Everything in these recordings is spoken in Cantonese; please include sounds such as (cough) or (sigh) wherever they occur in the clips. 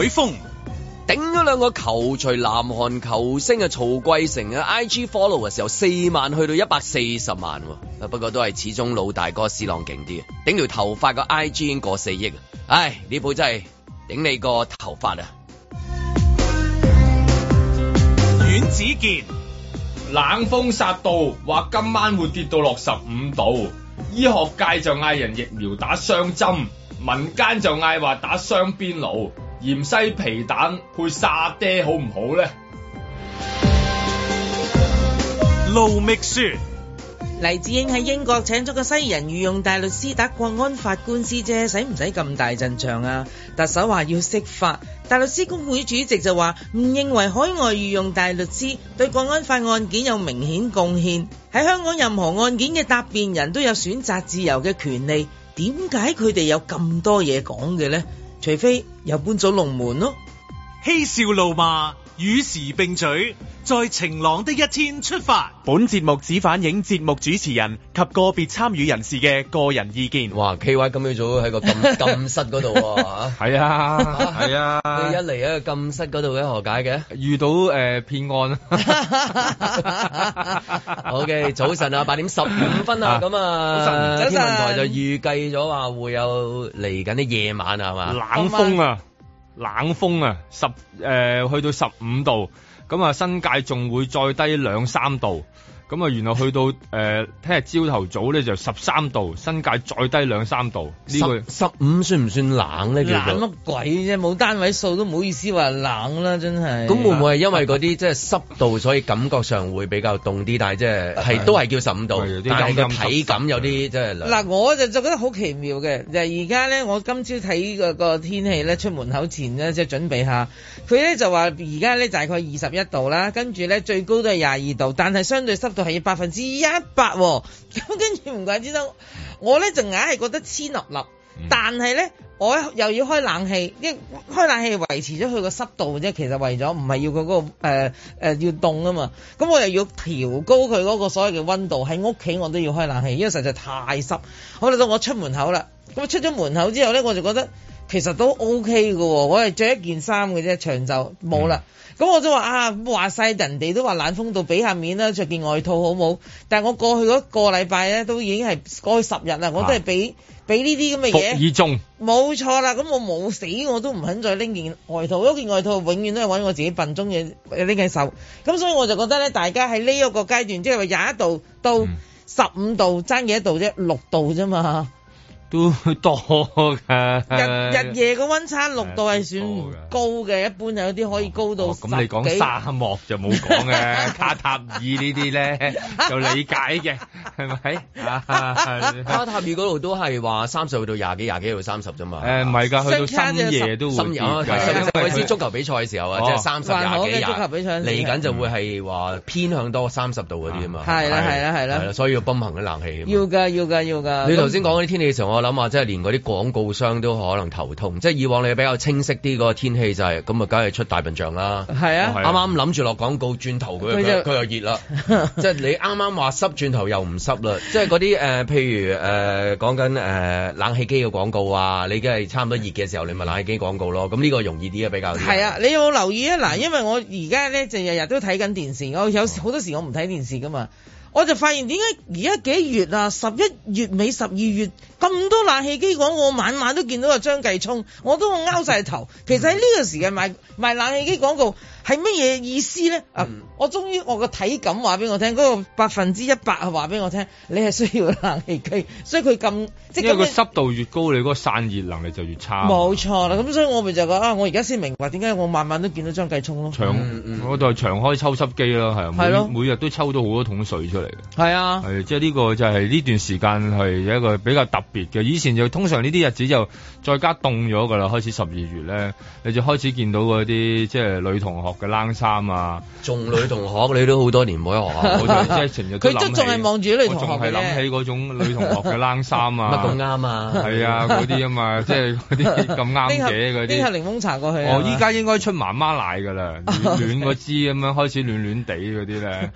海風頂咗兩個球，除南韓球星嘅曹桂成嘅 IG follow 嘅時候四萬去到一百四十萬、啊，不過都係始終老大哥 C 朗勁啲，頂條頭髮個 IG 已經過四億，唉呢鋪真係頂你個頭髮啊！阮子健，冷風殺到，話今晚會跌到六十五度，醫學界就嗌人疫苗打雙針，民間就嗌話打雙邊爐。鹽西皮蛋配沙爹好好，好唔好呢？盧覓雪黎智英喺英國請咗個西人御用大律師打國安法官司啫，使唔使咁大陣仗啊？特首話要釋法，大律師公會主席就話唔認為海外御用大律師對國安法案件有明顯貢獻，喺香港任何案件嘅答辯人都有選擇自由嘅權利，點解佢哋有咁多嘢講嘅呢？除非又搬咗龍門咯，嬉笑怒罵。與時並舉，在晴朗的一天出發。本節目只反映節目主持人及個別參與人士嘅個人意見。哇，K Y 咁樣早喺個禁 (laughs) 禁室嗰度啊，係啊，係啊，一嚟喺個禁室嗰度嘅何解嘅？遇到誒騙案、呃。好嘅， (laughs) (laughs) okay, 早晨啊，八點十五分啊，咁 (laughs) 啊，啊早晨早晨，天文台就預計咗話會有嚟緊啲夜晚啊，係嘛，冷風啊。冷風啊，十誒、呃、去到十五度，咁啊新界仲會再低兩三度。咁啊，原來去到誒聽日朝頭早咧就十三度，新界再低兩三度。呢、這個、十十五算唔算冷咧？冷乜鬼啫，啊？冇單位數都唔好意思話冷啦，真係。咁會唔會係因為嗰啲即係濕度，所以感覺上會比較凍啲？但係即係係都係叫十五度， (laughs) 但係個體感有啲即係。嗱， (laughs) 冷 (laughs) 我就就覺得好奇妙嘅。就係而家咧，我今朝睇個天氣咧，出門口前咧即係準備下，佢咧就話而家咧就大概二十一度啦，跟住咧最高都係廿二度，但係相對濕。就係要百分之一百，咁跟住唔怪之得我咧，我就硬係覺得黐笠笠。但係咧，我又要開冷氣，一開冷氣維持咗佢個濕度啫。其實為咗唔係要佢嗰個誒誒要凍啊嘛。咁我又要調高佢嗰個所謂嘅温度喺屋企，我都要開冷氣，因為實在太濕。好啦，到我出門口啦，咁出咗門口之後咧，我就覺得其實都 O K 喎。我係着一件衫嘅啫，長袖冇啦。咁我就話啊，話晒人哋都話冷風度俾下面啦，着件外套好冇。但係我過去嗰個禮拜咧，都已經係過去十日啦，我都係俾俾呢啲咁嘅嘢。二、啊、中。冇錯啦，咁我冇死，我都唔肯再拎件外套。嗰件外套永遠都係搵我自己笨中嘅，拎緊手。咁所以我就覺得咧，大家喺呢一個階段，即係話廿一度到十五度，爭、嗯、幾多度啫，六度啫嘛。都多㗎，日日夜個溫差六度係、嗯、算高嘅，一般有啲可以高到、哦。咁你講沙漠就冇講嘅， (laughs) 卡塔爾呢啲咧就理解嘅，係 (laughs) 咪不是？ (laughs) 卡塔爾嗰度都係話三十度到廿幾、廿幾到三十啫嘛。唔係㗎，去到深夜都會。深夜啊，特別是足球比賽嘅時候啊，即係三十廿幾廿。嚟、就、緊、是嗯、就會係話偏向多三十度嗰啲啊嘛。係啦係啦。係啦，所以要奔行嘅冷氣。要㗎要㗎要㗎。你頭先講嗰啲天氣嘅時候，我諗話即係連嗰啲廣告商都可能頭痛，即係以往你比較清晰啲嗰個天氣就係、是，咁啊梗係出大笨象啦。係啊，啱啱諗住落廣告轉頭，轉頭佢佢又熱啦。熱 (laughs) 即係你啱啱話濕，轉頭又唔濕啦。 (laughs) 即係嗰啲誒，譬如誒講緊誒冷氣機嘅廣告啊，你梗係差唔多熱嘅時候，你咪冷氣機廣告咯。咁呢個容易啲啊，比較係啊。你有冇留意啊？嗱， (laughs) 因為我而家咧就日日都睇緊電視，我有好多時我唔睇電視㗎嘛。我就發現點解而家幾月啊，十一月尾十二月，咁多冷氣機廣告，我晚晚都見到個張繼聰，我都會拗晒頭。其實喺呢個時間賣賣冷氣機廣告係乜嘢意思咧？啊、嗯！我終於我個體感話俾我聽，嗰、那個百分之一百話俾我聽，你係需要冷氣機，所以佢咁，因為佢濕度越高，你嗰個散熱能力就越差。冇錯啦，咁、嗯、所以我咪就講啊！我而家先明白點解我晚晚都見到張繼聰咯。長，嗯、我就係長開抽濕機咯，係、啊啊，每每日都抽到好多桶水出嚟。係啊，即係呢個就係、是、呢段時間係有一個比較特別嘅。以前就通常呢啲日子就再加凍咗㗎啦。開始十二月咧，你就開始見到嗰啲即係女同學。嘅冷衫啊，仲女同學， (laughs) 你都好多年冇喺學校、 (laughs) 即係即係， (laughs) 我就即係成日都諗佢都仲係望住你同學，我仲係諗起嗰種女同學嘅冷衫啊，乜咁 (laughs) 啱啊，係 (laughs) 啊，嗰啲啊嘛， (laughs) 即係嗰啲咁啱嘅嗰啲。 (laughs) 那些 (laughs) 我下依家應該出媽媽奶㗎喇，暖暖嗰支咁樣 (laughs) 開始暖暖地嗰啲咧。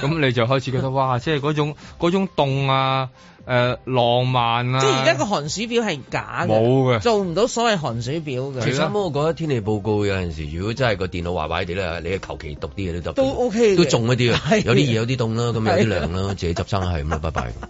咁 (laughs) 你就開始覺得嘩，即係嗰種嗰種凍啊！誒、呃、浪漫啊，即係而家個寒暑表係假嘅，冇嘅，做唔到所謂寒暑表嘅。其實我覺得天氣報告有陣時，如果真係個電腦壞壞哋咧，你求其讀啲嘢都得。都 OK，都中一啲啊！有啲熱，有啲凍啦，咁有啲涼啦，自己執生係咁啦，拜拜。 (laughs)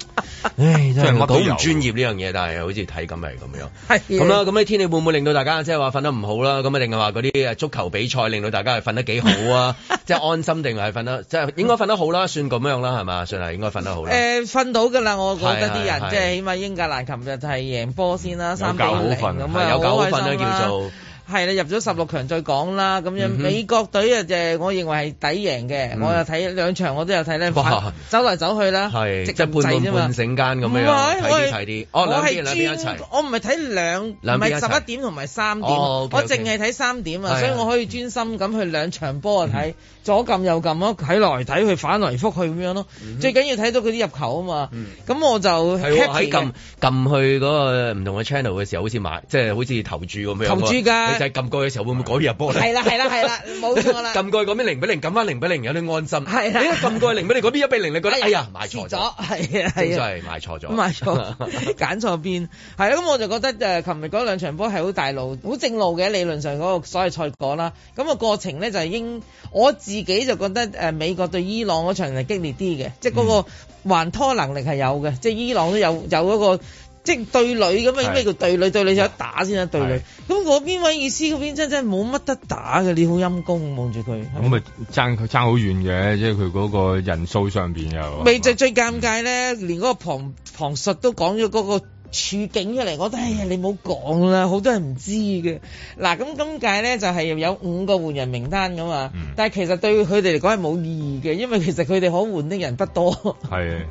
唉，真係好唔專業呢樣嘢，但係好似睇咁係咁樣。咁啦，咁啲天氣會唔會令到大家即係話瞓得唔好啦？咁啊，定係話嗰啲足球比賽令到大家係瞓得幾好啊？ (laughs) 即係安心定係瞓得 (laughs) 即係應該瞓得好啦、嗯，算咁樣啦，係嘛？算係應該瞓得好啦。瞓、呃、到㗎啦，我覺得。啲人即係起碼英格蘭琴日就係贏波先啦，三點零咁啊，有九分都叫做。.係啦，入咗十六強再講啦，咁樣、嗯、美國隊啊，就係我認為係抵贏嘅、嗯。我又睇兩場，我都有睇咧，走嚟走去啦，即係半個半醒間咁樣睇啲睇啲。我係專、哦，我唔係睇兩，唔係十一,一十一點同埋三點，哦、okay, okay, 我淨係睇三點啊，所以我可以專心咁去兩場波啊睇、嗯，左撳右撳咯，睇來睇去反來覆去咁樣咯、嗯。最緊要睇到佢啲入球啊嘛，咁、嗯、我就喺撳撳去嗰個唔同嘅 channel 嘅時候，好似買，即、就、係、是、好似投注咁樣。投注噶。就係撳過嘅時候會唔會改變入波咧？係啦係啦係啦，冇錯啦。撳過嗰邊零比零，撳翻零比零有啲安心。係，撳過零比零嗰邊一比零，你覺得？ (laughs) 哎呀，買錯咗，係啊係真係買錯咗，買錯，揀錯邊。係 (laughs) 啦，咁我就覺得誒，琴日嗰兩場波係好大路，好正路嘅理論上嗰個所謂賽果啦。咁個過程咧就係應我自己就覺得美國對伊朗嗰場係激烈啲嘅，即嗰個還拖能力係有嘅、嗯，即伊朗都有有嗰個。即係對壘咁啊，咩叫對壘？對壘就一打先啊。對壘咁嗰邊位意思，嗰邊真真冇乜得打嘅，你好陰功望住佢。我咪爭佢爭好遠嘅，即係佢嗰個人數上邊又。未。就最尷尬咧，連嗰個旁旁述都講咗嗰個。處境出嚟，我覺得哎呀，你冇講啦，好多人唔知嘅。嗱咁今屆咧就係有五個換人名單噶嘛，嗯，但係其實對佢哋嚟講係冇意義嘅，因為其實佢哋可換的人不多，係，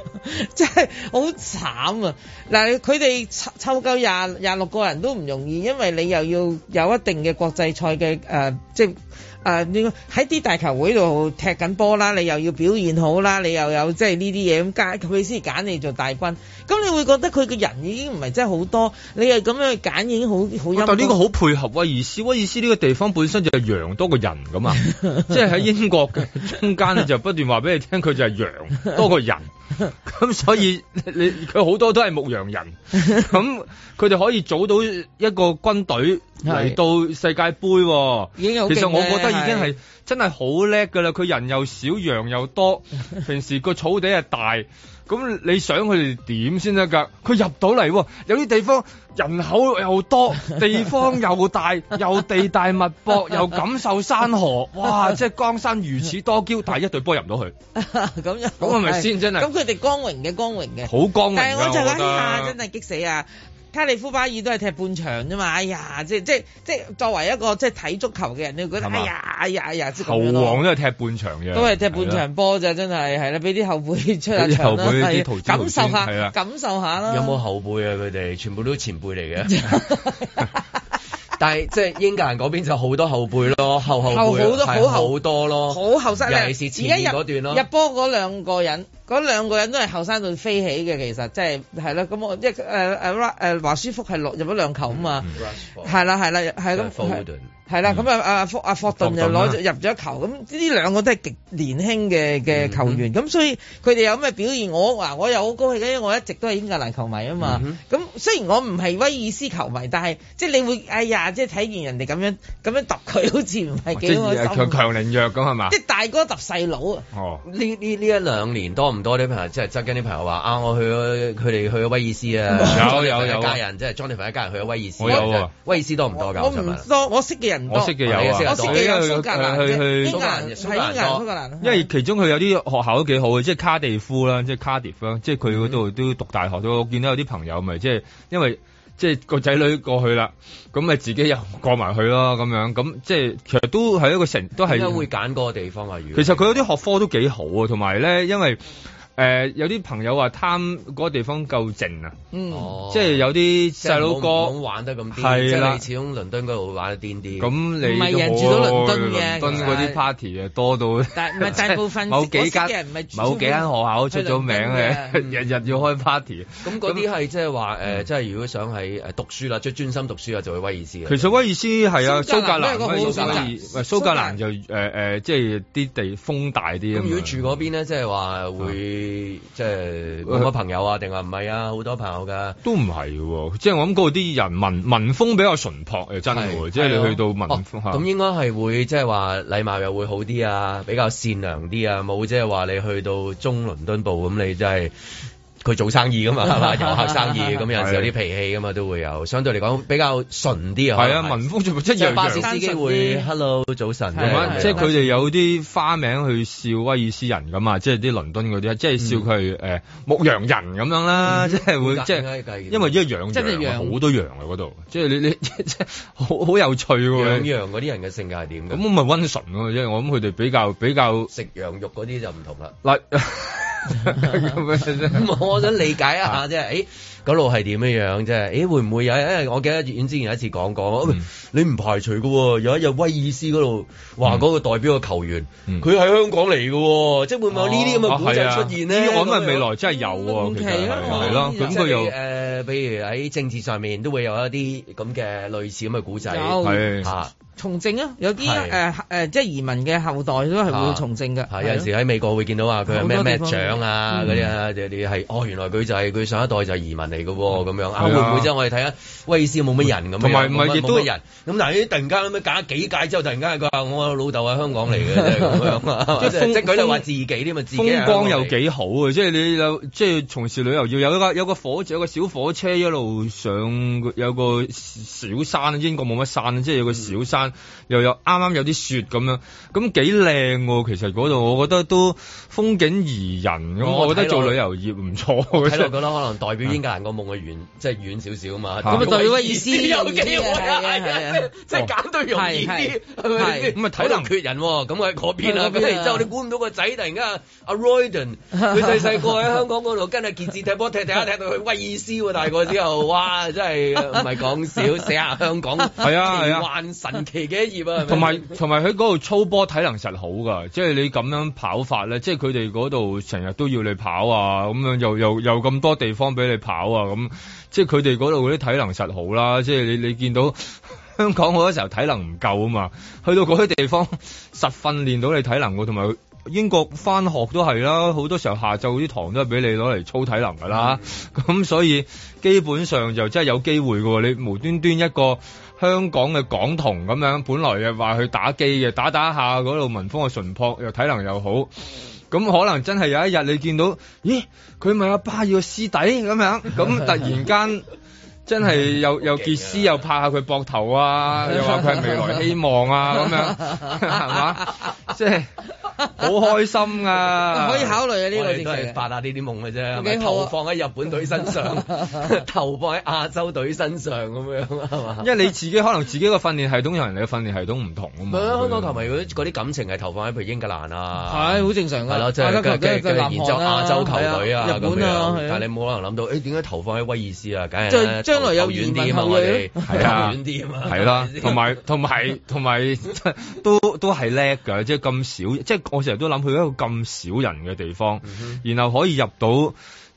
即係好慘啊！嗱、啊，佢哋湊夠廿廿六個人都唔容易，因為你又要有一定嘅國際賽嘅誒、呃，即係。誒、呃，喺啲大球會度踢緊波啦，你又要表現好啦，你又有即係呢啲嘢咁加，佢先揀你做大軍。咁你會覺得佢嘅人已經唔係真係好多，你係咁樣揀已經好好。但呢個好配合啊，威爾斯威爾斯呢個地方本身就係羊多個人噶嘛， (laughs) 即係喺英國嘅中間咧，就不斷話俾你聽佢 (laughs) 就係羊多個人，咁 (laughs) 所以你佢好多都係牧羊人，咁佢哋可以組到一個軍隊。嚟到世界盃、哦已經，其實我覺得已經係真係好叻㗎啦！佢人又少，羊又多，平時個草地係大，咁 (laughs) 你想佢哋點先得㗎？佢入到嚟、哦，有啲地方人口又多，地方又大， (laughs) 又地大物博， (laughs) 又感受山河， (laughs) 哇！即係江山如此多嬌，但 (laughs) 係一隊波入唔到去，咁咁係咪先真係？咁佢哋光榮嘅光榮嘅，好光榮，但我就講一下，真係激死啊！卡利夫巴爾都係踢半場啫嘛，哎呀，即即即作為一個即睇足球嘅人，你會覺得哎呀哎呀哎呀，即、哎、咁、哎、樣咯。球王都係踢半場嘅，都係踢半場波咋。真係係啦，俾啲後輩出下場啦，感受下對感受下啦。有冇後輩啊？佢哋全部都前輩嚟嘅。 (laughs) (laughs) 但係即係英格蘭 𠮶 邊就好多後輩咯，後後輩後好多好後好多咯好後生，尤其是前一日段咯入波 𠮶 兩個人 𠮶 兩個人都係後生到飛起嘅，其實即係係啦，咁我即誒誒誒華舒福係落入咗兩球啊嘛係啦係啦係咁係啦，咁、嗯、啊，阿阿霍阿霍頓就攞入咗球，咁呢啲兩個都係極年輕嘅嘅球員，咁、嗯、所以佢哋有咩表現，我話我又好高興，因為我一直都係英格蘭球迷啊嘛。咁、嗯、雖然我唔係威爾斯球迷，但係即係你會哎呀，即係睇見人哋咁樣咁樣揼佢，好似唔係幾開心。強強凌弱咁係嘛？即係大哥揼細佬。哦。呢呢呢一兩年多唔多啲朋友，即係側跟啲朋友話啊，我去咗佢哋去咗威爾斯啊。有 (laughs) 有有。有家人即係 Jonathan 一家人去咗威爾斯。即係、威爾斯多唔多噶？我唔多，我，我，多多我，我，多我識嘅人。我識嘅有啊，我識嘅有蘇格蘭，蘇格蘭，蘇格蘭，因為其中佢有啲學校都幾好嘅，即係卡地夫啦，即係 Cardiff，即係佢度都讀大學都我見到有啲朋友咪即係，因為即係、就是、個仔女過去啦，咁咪自己又過埋去咯，咁樣咁即係其實都係一個成都係會揀個地方啊。其實佢有啲學科都幾好啊，同埋咧，因為誒、呃、有啲朋友話貪嗰個地方夠靜啊，嗯、即係有啲細佬哥玩得咁係你始終倫敦嗰度會玩得癲啲。咁你唔係人住到倫敦嘅，哦、倫敦嗰啲 party 多到，但係大部分 (laughs) 某幾間人某幾間學校出咗名嘅， (laughs) 日日要開 party、嗯。咁嗰啲係即係話即係如果想喺誒讀書啦，即、就、係、是、專心讀書啊，就去威爾斯。其實威爾斯係啊，蘇格蘭，蘇格蘭，喂蘇格蘭就即係啲地風大啲。咁如果住嗰邊呢，即係話會。即係好多朋友啊？定話唔係啊？好多朋友噶，都唔係嘅。即係我諗嗰啲人民民風比較淳樸真、哦，係真嘅。即係你去到民，咁、哦嗯哦、應該係會即係話禮貌又會好啲啊，比較善良啲啊，冇即係話你去到中倫敦部咁，你真、就、係、是。佢做生意噶嘛，係 (laughs) 嘛？遊客生意咁 (laughs) 有時有啲脾氣噶嘛，都會有。相對嚟講比較純啲啊。係啊，民風全部出羊羊。巴士司機會，hello 早晨。即係佢哋有啲花名去笑威爾斯人噶嘛，即係啲倫敦嗰啲，即係笑佢誒牧羊人咁樣啦。即係會即係因為呢個羊真係好多羊啊嗰度，即係你你即係好好有趣喎。羊嗰啲人嘅性格係點？咁我咪溫順咯，因為我諗佢哋比較比較食羊肉嗰啲就唔同啦。嗱。 (laughs) (laughs) 我想理解一下，即 (laughs) 係、欸，誒，嗰度係點樣樣？即係，誒，會唔會有？因為我記得粵之前有一次講過、嗯，你唔排除噶，有一日威爾斯嗰度話嗰個代表嘅球員，佢、嗯、喺香港嚟噶、啊，即係會唔會有呢啲咁嘅古仔出現呢？呢個係未來真係有、啊，真係、嗯啊啊啊啊、有，係咯，咁佢又誒，比如喺政治上面都會有一啲咁嘅類似咁嘅古仔，吓。從政啊，有啲誒誒，即係移民嘅後代都係會從政嘅。係、啊啊、有陣時喺美國會見到話佢係咩咩長啊嗰啲，哋係、啊嗯、哦，原來佢就係、是、佢上一代就係移民嚟嘅咁樣。啊啊會唔會即係我哋睇下威斯冇乜人咁樣？同埋唔係亦都人咁嗱，啲突然間咩隔咗幾屆之後，突然間佢話我老豆喺香港嚟嘅， (laughs) 即係咁樣。即係即係佢就話自己添啊！自己風光又幾好啊！即係你有即係從事旅遊要有一間有一個火有個小火車一路上有個小山，英國冇乜山，即係有個小山。嗯又有啱啱有啲雪咁樣，咁幾靚喎。其實嗰度，我覺得都。風景宜人，我覺得做旅遊業唔錯。睇、哦、落覺得可能代表英格蘭個夢嘅遠，嗯、即係遠少少啊嘛。咁、嗯、啊代表威爾斯。旅遊業即係揀到容易啲，係咁啊體能缺人喎，咁喺嗰邊啊咁。然之後你估唔到個仔突然間阿、啊、Royden，佢細細個喺香港嗰度跟住傑志踢波，踢踢踢到去威爾斯喎、啊。大個之後，哇！真係唔係講笑，寫下香港係啊係神奇嘅一頁啊。同埋同埋喺嗰度操波，體能實好㗎，即係你咁樣跑法咧，即係佢。佢哋嗰度成日都要你跑啊，咁樣又又又咁多地方俾你跑啊，咁即係佢哋嗰度嗰啲體能實好啦、啊。即係你你見到香港好多時候體能唔夠啊嘛，去到嗰啲地方實訓練到你體能、啊，同埋英國翻學都係啦、啊，好多時候下晝啲堂都係俾你攞嚟操體能噶啦、啊。咁、嗯、所以基本上就真係有機會噶、啊。你無端端一個香港嘅港童咁樣，本來又話去打機嘅，打打下嗰度民風嘅淳樸，又體能又好。咁可能真係有一日你見到，咦，佢咪阿爸要個師弟咁樣咁突然間。 (laughs) 真係又又傑斯又拍下佢膊頭啊，嗯、又話佢係未來希望啊咁 (laughs) 樣，係嘛？即係好開心㗎、啊， (laughs) 可以考慮啊呢個都係發下呢啲夢嘅啫，投放喺日本隊身上， (laughs) 投放喺亞洲隊身上咁樣，係嘛？因為你自己可能自己嘅訓練系統同人哋嘅訓練系統唔同啊嘛。香港、啊、球迷嗰啲感情係投放喺譬如英格蘭啊，係好、啊、正常㗎。係咯、啊，即、就、係、是亞，啊、亞洲球隊啊、南韓啦、啊咁樣、就是啊。但係你冇可能諗到誒點解投放喺威爾斯啊？梗係因為有遠啲嘛，佢係啊遠啲嘛，係啦、啊，同埋同埋同埋都都係叻嘅，即係咁少，即、就、係、是、我成日都諗去一個咁少人嘅地方、嗯，然後可以入到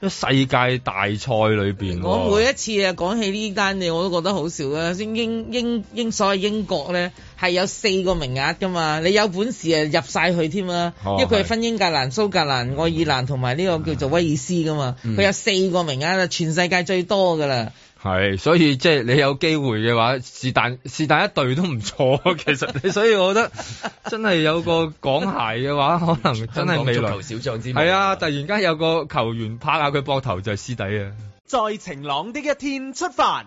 世界大賽裏面、嗯。我每一次啊講起呢單嘢，我都覺得好笑啊！英英英所謂英國咧係有四個名額噶嘛，你有本事啊入晒去添啊！因為佢係分英格蘭、蘇格蘭、愛爾蘭同埋呢個叫做威爾斯噶嘛，佢、嗯、有四個名額啊，全世界最多噶啦。係，所以即係、就是、你有機會嘅話，是但，是但一隊都唔錯。其實，所以我覺得 (laughs) 真係有個港鞋嘅話，可能真係未來小將之王。係啊，突然間有個球員拍下佢膊頭就係師弟啊！在晴朗的一天出發。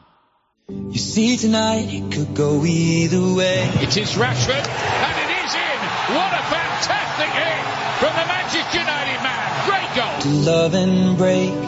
It is Rashford, and it is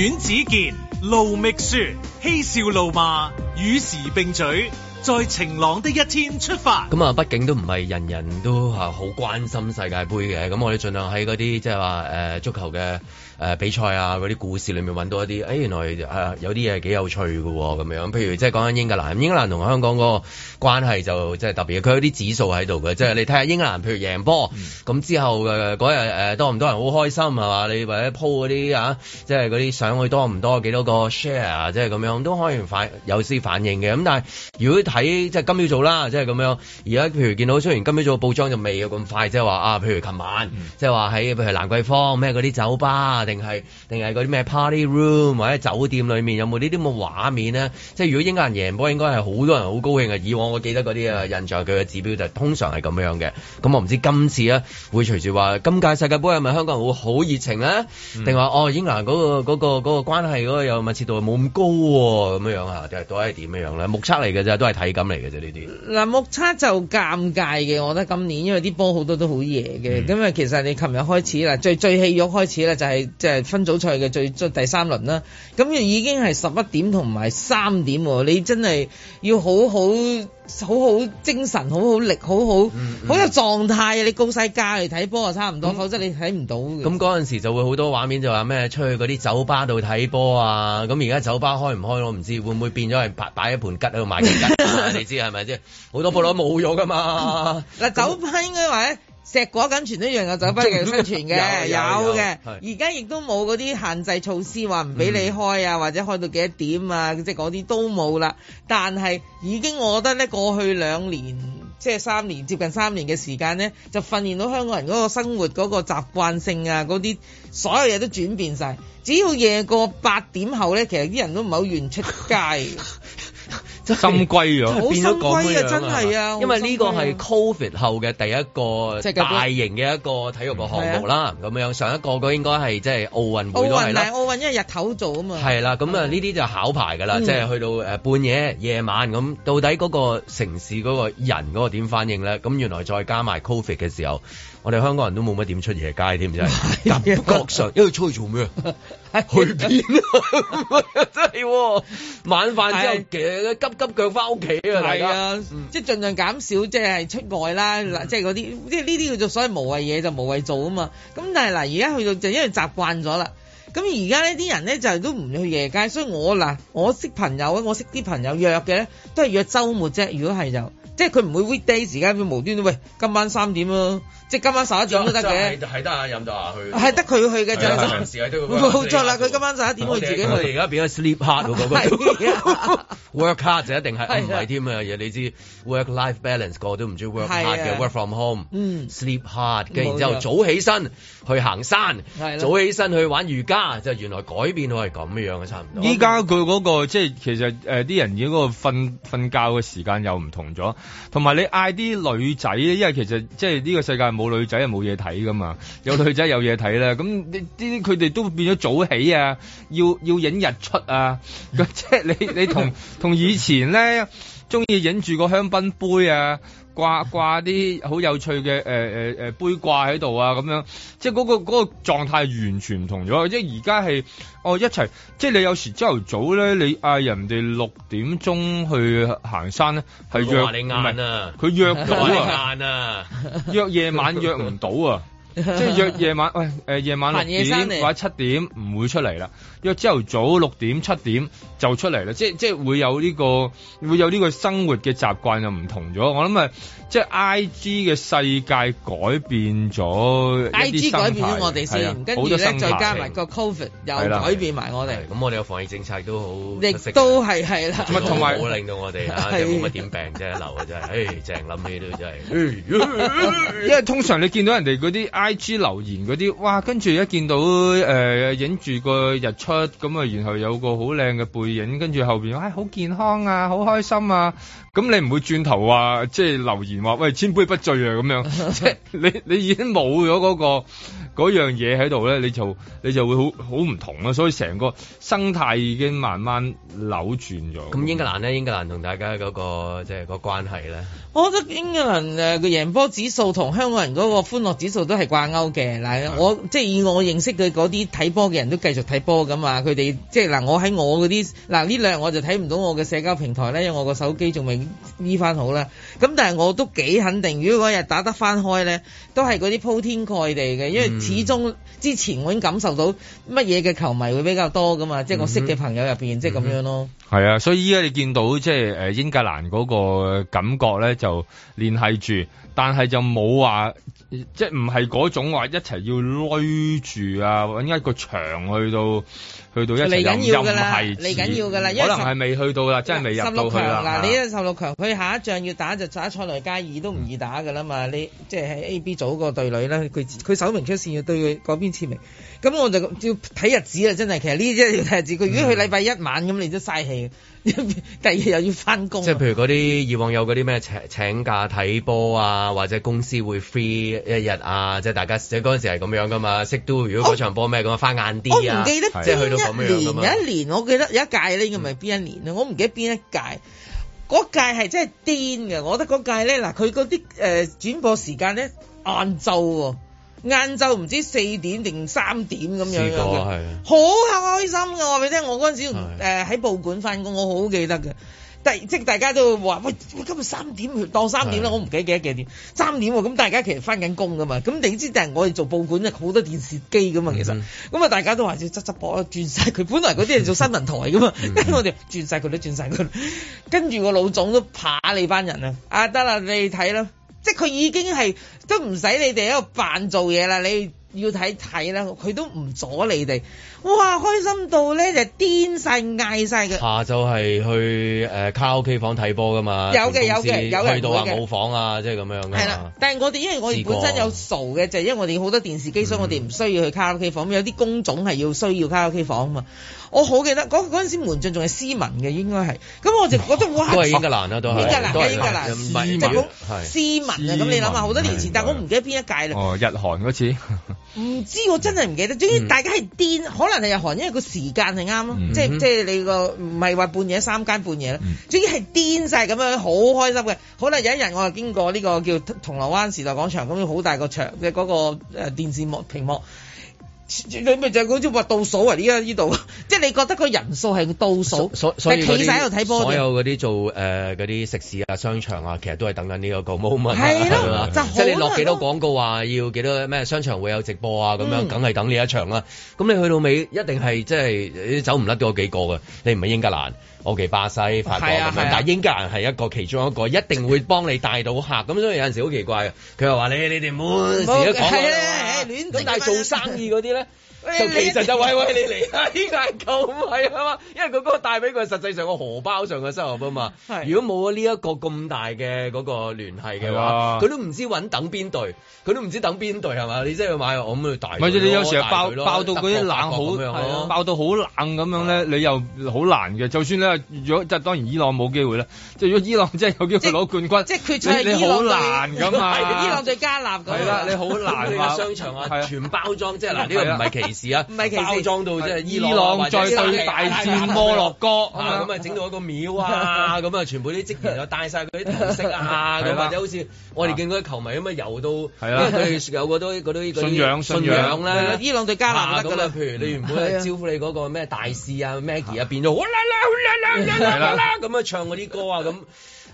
阮子健、盧覓雪，嬉笑怒罵，與時並舉，在晴朗的一天出發。咁啊，畢竟都唔係人人都啊好關心世界杯嘅，咁我哋盡量喺嗰啲即係話誒足球嘅。誒、呃、比賽啊，嗰啲故事裏面揾到一啲，誒、哎、原來誒、啊、有啲嘢幾有趣嘅喎、哦，咁樣，譬如即係講緊英格蘭，英格蘭同香港嗰個關係就即係特別，佢有啲指數喺度嘅，即、就、係、是、你睇下英格蘭譬如贏波，咁、嗯、之後嗰日誒多唔多人好開心係嘛？你或者 po 嗰啲啊，即係嗰啲上去多唔多幾多個 share，啊，即係咁樣都可以反有啲反應嘅。咁但係如果睇即係金魚組啦，即係咁樣，而家譬如見到雖然金魚組報章就未有咁快，即係話啊，譬如琴晚即係話喺譬如蘭桂坊咩嗰啲酒吧。定係定係嗰啲咩 party room 或者酒店裏面有冇呢啲咁嘅畫面呢？即係如果英格蘭贏波，應該係好多人好高興嘅。以往我記得嗰啲啊，印象佢嘅指標就係、是、通常係咁樣嘅。咁、嗯嗯、我唔知今次咧會隨住話今屆世界盃係咪香港人會好熱情咧？定、嗯、話哦，英格蘭嗰個嗰、那個嗰、那個那個關係嗰個有密切度冇咁高喎、啊？咁樣到底樣嚇，即係都係點樣咧？目測嚟嘅啫，都係體感嚟嘅啫，呢啲嗱目測就尷尬嘅。我覺得今年因為啲波好多都好夜嘅，咁、嗯、啊其實你琴日開始啦，最最戲肉開始啦，就係、是。即、就、係、是、分組賽嘅最最第三輪啦，咁就已經係十一點同埋三點喎，你真係要好好好好精神，好好力，好好好、嗯嗯、有狀態啊！你告晒假嚟睇波啊，差唔多、嗯，否則你睇唔到。咁嗰陣時就會好多畫面就話咩出去嗰啲酒吧度睇波啊，咁而家酒吧開唔開我唔知，會唔會變咗係擺擺一盤吉喺度賣吉？ (laughs) 你知係咪先？是是 (laughs) 好多部攞冇咗噶嘛。嗱酒吧應該話石果咁全都一樣有酒吧嚟生存嘅，有嘅。而家亦都冇嗰啲限制措施話唔俾你開啊、嗯，或者開到幾多點啊，即係嗰啲都冇啦。但係已經我覺得咧，過去兩年，即係三年，接近三年嘅時間咧，就訓練到香港人嗰個生活嗰、嗰個習慣性啊，嗰啲所有嘢都轉變晒。只要夜過八點後咧，其實啲人都唔係好願出街。 (laughs) 心歸樣，變咗個樣啊！真係啊，因為呢個係 Covid 後嘅第一個即係大型嘅一個體育嘅項目啦，咁、就是那個、樣、嗯啊、上一個個應該係即係奧運會都係啦。奧運因為日頭做啊嘛。係、嗯、啦，咁啊呢啲就考牌㗎啦，即、嗯、係、就是、去到半夜夜晚咁，到底嗰個城市嗰個人嗰個點反應咧？咁原來再加埋 Covid 嘅時候。我哋香港人都冇乜點出夜街添，真係、啊、感覺上一路 (laughs) 出去做咩啊？去邊 (laughs) 真係、啊、晚飯之後、啊、急急腳翻屋企啊！係啊、嗯，即係盡量減少即係出外啦，嗯、即係嗰啲即係呢啲叫做所謂無謂嘢就無謂做啊嘛。咁但係嗱，而家去到就因為習慣咗啦。咁而家呢啲人咧就係、都唔去夜街，所以我嗱，我識朋友，我識啲朋友約嘅咧都係約週末啫。如果係就。即係佢唔會 weekday、啊啊、 (laughs) 時間佢無端端喂今晚三點咯，即係今晚十一點都得嘅。係得啊，飲到呀，去。係得佢去嘅啫，暫時係得冇錯啦，佢今晚十一點會自己去。佢而家變咗 sleep hard 嗰個、嗰個 (laughs) (laughs) work hard 就一定係唔係添啊？嘢你知 work life balance 個都唔知 work hard 嘅、啊嗯、work from home。sleep hard 嘅、嗯，然之後早起身去行山，嗯、早起身去玩瑜伽。即係原來改變佢係咁樣嘅，差唔多。依家佢嗰個即係其實啲人而家嗰個瞓瞓覺嘅時間又唔同咗。同埋你嗌啲女仔咧，因為其實即係呢個世界冇女仔係冇嘢睇噶嘛，有女仔有嘢睇啦，咁呢啲佢哋都會變咗早起啊，要要影日出啊， (laughs) 即係你你同同以前咧中意影住個香檳杯啊。掛掛啲好有趣嘅，誒誒誒杯掛喺度啊，咁樣即係、那、嗰個嗰、那個狀態完全唔同咗，即係而家係哦一齊，即係你有時朝頭早咧，你嗌人哋六點鐘去行山咧，係約你晏啊，佢約到啊，啊，約夜晚約唔到啊。 (laughs) (laughs) 即係約夜晚，喂、哎，誒、呃，夜晚六點或者七點唔會出嚟啦、啊。約朝頭早六點七點就出嚟啦。即係即係會有呢、這個會有呢個生活嘅習慣就唔同咗。我諗啊，即係 I G 嘅世界改變咗 IG 改變咗我哋先，跟住咧再加埋個 Covid 又改變埋我哋。咁我哋嘅防疫政策都好，亦都係係啦。同埋同埋，令到我哋冇乜點病啫，流啊真係。誒， (laughs) 正諗起都真係。 (laughs) 因為通常你見到人哋嗰啲 I.G 留言嗰啲哇，跟住一見到誒影住個日出咁啊，然後有個好靚嘅背影，跟住後邊，唉、哎，好健康啊，好開心啊，咁你唔會轉頭話即係留言話，喂，千杯不醉啊咁樣， (laughs) 即係你你已經冇咗嗰個嗰樣嘢喺度咧，你就你就會好好唔同啊，所以成個生態已經慢慢扭轉咗。咁英格蘭咧，英格蘭同大家嗰、嗰個即係、即係、個關係咧，我覺得英格蘭誒個贏波指數同香港人嗰個歡樂指數都係關係掛，掛鈎嘅嗱，我即係以我認識嘅嗰啲睇波嘅人都繼續睇波噶嘛。佢哋即係嗱，我喺我嗰啲嗱呢兩日我就睇唔到我嘅社交平台咧，因為我個手機仲未醫翻好啦。咁但係我都幾肯定，如果嗰日打得翻開咧，都係嗰啲鋪天蓋地嘅，因為始終之前我已經感受到乜嘢嘅球迷會比較多噶嘛，即係我識嘅朋友入邊即係咁樣咯。係啊，所以依家你見到即係，呃、英格蘭嗰個感覺呢，就聯繫住，但係就冇話即係唔係嗰種話一齊要攏住啊，揾一個牆去到。去到一仗又係嚟緊要嘅啦，可能係未去到啦，真係未入到去啦。嗱，你一十六強，佢下一仗要打就打塞內加爾，都唔易打嘅啦嘛。嗯、你即係、就、喺、是、A B 組個隊裏啦，佢佢首名出線要對佢嗰邊次名，咁我就要睇日子啦。真係，其實呢啲要睇日子。佢如果佢禮拜一晚咁，那你都嘥氣。嗯 (laughs) 第二日又要翻工，即係譬如嗰啲以往有嗰啲咩請請假睇波啊，或者公司會 free 一日啊，即係大家即嗰陣時係咁樣噶嘛，識都如果嗰場波咩咁啊翻晏啲啊，唔記得，即係去到咁樣。有一年有一,一年，我記得有一屆咧，應該唔係邊一年啊、嗯，我唔記得邊一屆，嗰屆係真係癲嘅。我覺得嗰屆咧，嗱佢嗰啲誒轉播時間咧晏晝。晏晝唔知四點定三點咁樣嘅，好開心噶！我話你聽，我嗰陣時誒喺、呃、報館翻工，我好記得嘅。但即係大家都會話喂，今日三點當三點啦，我唔記得幾多幾點。三點咁大家其實翻緊工噶嘛，咁你知但係我哋做報館好多電視機噶嘛，其實咁啊，大家都話要執執播啦，轉晒佢。本來嗰啲係做新聞台噶嘛， (laughs) 我哋轉晒佢都轉晒佢。跟住個老總都怕你班人啊！啊得啦，你睇啦。即佢已經係都唔使你哋喺度扮做嘢啦，你要睇睇啦，佢都唔阻你哋。哇！開心到咧就癲晒嗌晒。嘅。下晝係去誒、呃、卡拉 OK 房睇波㗎嘛？有嘅有嘅，有，的有的去到話冇房啊，即係咁樣嘅，啊。係啦，但係我哋因為我哋本身有傻嘅，就係因為我哋好多電視機，所以我哋唔需要去卡拉 OK 房。嗯、有啲工種係要需要卡拉 OK 房啊嘛。我好記得嗰嗰陣時門將仲係斯文嘅，應該係。咁我就覺得哇！英格蘭啊都係英格蘭？係英格蘭？斯文啊！咁你諗下好多年前，但我唔記得邊一屆啦。哦，日韓嗰次。唔 (laughs) 知我真係唔記得。總之大家係癲，嗯，可能。係日韓，因為個時間係啱咯，即係即係你個唔係話半夜三更半夜啦，總之係癲晒咁樣，好開心嘅。好啦，有一日我又經過呢個叫銅鑼灣時代廣場，咁樣好大個場嘅嗰個誒電視幕屏幕。你咪就係好似話倒數啊，呢家呢度，即係你覺得個人數係倒數，但係企曬喺度睇波。所有嗰啲做誒嗰啲食肆啊、商場啊，其實都係等緊呢個 moment 啊，即係你落幾多廣告啊，要幾多咩？商場會有直播啊，咁樣梗係等呢一場啦、啊。咁、嗯、你去到尾一定係即係走唔甩嗰幾個㗎，你唔係英格蘭。澳門、巴西、法國咁樣，啊啊、但係英格蘭係一個其中一個，一定會幫你帶到客。咁 (laughs) 所以有陣時好奇怪，佢又話、啊啊、你你哋冇事都講開啦。咁、啊啊、但係做生意嗰啲咧。 (laughs) 其實就喂你喂你嚟啦，呢個係咁係啊嘛，因為佢嗰個帶俾佢係實際上個荷包上嘅收入啊嘛。如果冇呢一個咁大嘅嗰個聯繫嘅話，佢、啊、都唔知搵等邊隊，佢都唔知等邊隊係嘛？你真係要買我咁去大，或者你有時候包爆到嗰啲冷好，包到好冷咁樣咧，你又好難嘅。就算咧，如果就當然伊朗冇機會咧，即係如果伊朗真係有機會攞冠軍，即係佢真係伊朗咁啊！伊朗對加納係啊，你好難，佢個商場啊，全包裝，即係嗱，呢個唔係啊，唔係包裝到即係伊朗再對大戰摩洛哥咁啊整、嗯就是、到一個廟啊，咁啊全部啲職員又戴晒佢啲頭飾啊，咁或者好似我哋見嗰啲球迷咁啊游到，因為佢哋有好多信仰信仰啦、啊。伊朗對加拿大咁啦，譬如你原本招呼你嗰個咩大使啊，Maggie 啊，變咗好啦啦好啦啦啦啦咁啊、嗯、唱嗰啲歌啊咁。嗯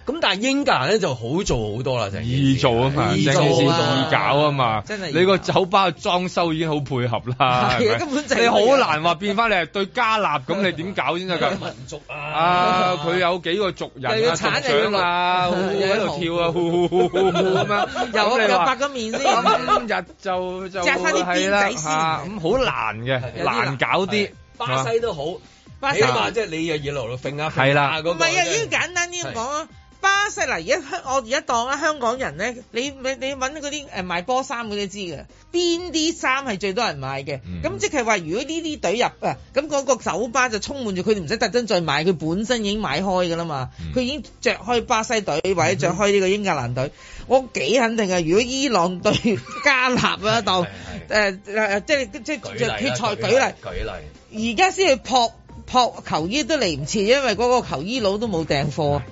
咁但係英格蘭咧就好做好多啦，就易做啊嘛，易做啊，正易搞啊嘛。真係、啊、你個酒吧裝修已經好配合啦，係根本你好難話變翻你對加納咁、啊，你點搞先得㗎？民族啊，佢、啊啊、有幾個族人啊，啊啊族長啊，喺、啊、度跳啊，咁樣、啊啊、又又拍個面先，今日就就係啦，咁好難嘅，難搞啲。巴西都好，巴西話，即係你又熱熱鬧鬧揈係揈唔係啊，要簡單啲講啊。嗯嗯嗯嗯。巴西嗱，而家香我而家當咧香港人咧，你你你揾嗰啲誒賣波衫嗰啲知嘅，邊啲衫係最多人買嘅？咁、嗯、即係話，如果呢啲隊入啊，咁嗰個酒吧就充滿住，佢哋唔使特登再買，佢本身已經買開㗎啦嘛。佢、嗯、已經着開巴西隊或者着開呢個英格蘭隊，嗯、我幾肯定啊！如果伊朗對加納嗰度誒誒，即係即係決賽舉例，舉例，而家先去撲。學球衣都嚟唔切，因為嗰個球衣佬都冇訂貨，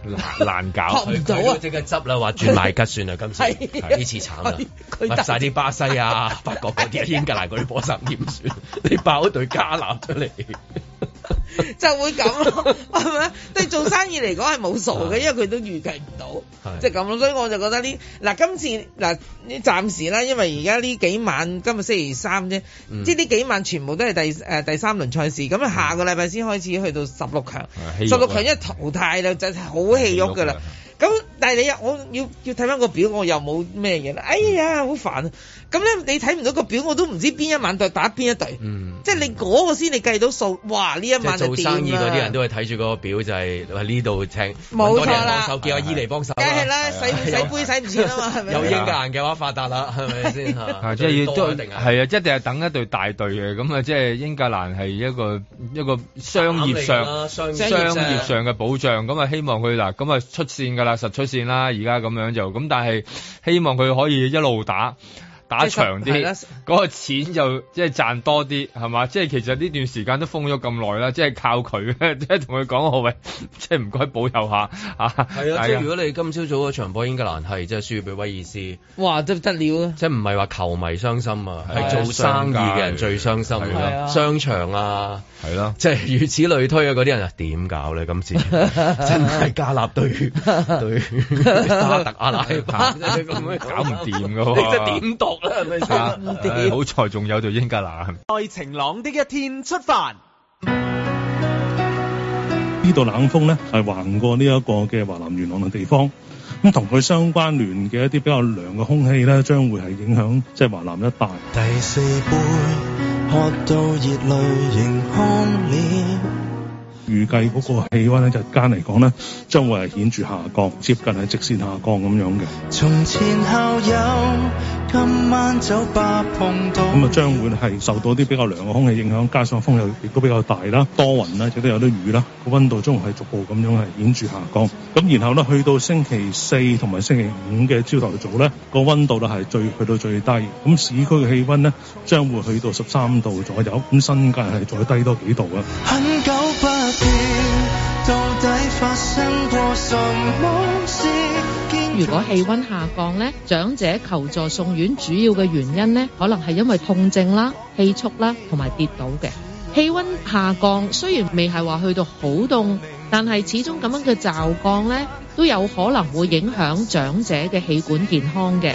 難搞， (laughs) 學唔到啊！即刻執啦，話轉賣吉算啦，今次呢次慘啦，搵晒啲巴西啊、法國嗰啲英格蘭嗰啲波衫點算？ (laughs) 你爆嗰對加納出嚟？ (laughs) (laughs) 就會咁咯，係咪啊？對做生意嚟講係冇數嘅， (laughs) 因為佢都預計唔到，即係咁咯。所以我就覺得呢，嗱、啊，今次嗱，暫、啊、時啦，因為而家呢幾晚今日星期三啫，嗯、即係呢幾晚全部都係第誒、呃、第三輪賽事，咁啊下個禮拜先開始去到十六強，十六強一淘汰啦、啊啊、就好戲郁噶啦。咁、啊啊、但係你我要要睇翻個表，我又冇咩嘢啦。哎呀，好、嗯、煩啊！咁咧，你睇唔到個表，我都唔知邊一晚隊打邊一隊，嗯、即係你嗰個先，你計到數。哇！呢一晚點做生意嗰啲人都會睇住嗰個表，就係呢度請。冇錯叫、啊、啦，手機有依嚟幫手。梗係啦，使使杯使唔錢啊嘛，係咪、啊啊？有英格蘭嘅話發達啦，係咪先？即係都係啊，一定係等一隊大隊嘅，咁啊，即係英格蘭係一個一個商業上商業上嘅保障，咁啊、就是，希望佢嗱咁啊出線㗎啦，實出線啦，而家咁樣就咁，但係希望佢可以一路打。打長啲，嗰、那個錢就即係、就是、賺多啲，係嘛？即、就、係、是、其實呢段時間都封咗咁耐啦，即係靠佢，即係同佢講好喂，即係唔該保佑下啊！係啊，即係如果你今朝早嗰場波英格蘭係即係輸俾威爾斯，哇！得得了啊！即係唔係話球迷傷心啊？係做生意嘅人最傷心啦，商場啊，係咯，即、就、係、是、如此類推啊！嗰啲人啊點搞咧？今次 (laughs) 真係加納對 (laughs) 對加特阿奶 (laughs) 搞唔掂噶喎！即係點讀？ (laughs) 啊哎、 (laughs) 好彩仲有咗英格蘭。在晴朗的一天出發。呢度冷風咧，係橫過呢一個嘅華南元朗嘅地方。咁同佢相關聯嘅一啲比較涼嘅空氣咧，將會係影響即係華南一帶。第四杯喝到熱淚盈眶預計嗰個氣温咧，日間嚟講咧，將會係顯著下降，接近係直線下降咁樣嘅。從前後有，今晚酒吧碰到咁啊，將會係受到啲比較涼嘅空氣影響，加上風又亦都比較大啦，多雲啦，亦都有啲雨啦，個温度將會係逐步咁樣係顯著下降。咁然後咧，去到星期四同埋星期五嘅朝頭早咧，個温度咧係最去到最低。咁市區嘅氣温咧，將會去到十三度左右。咁新界係再低多幾度啊。如果氣溫下降呢，長者求助送院主要嘅原因呢，可能係因為痛症啦、氣促啦同埋跌倒嘅。氣溫下降雖然未係話去到好凍，但係始終咁樣嘅驟降呢，都有可能會影響長者嘅氣管健康嘅。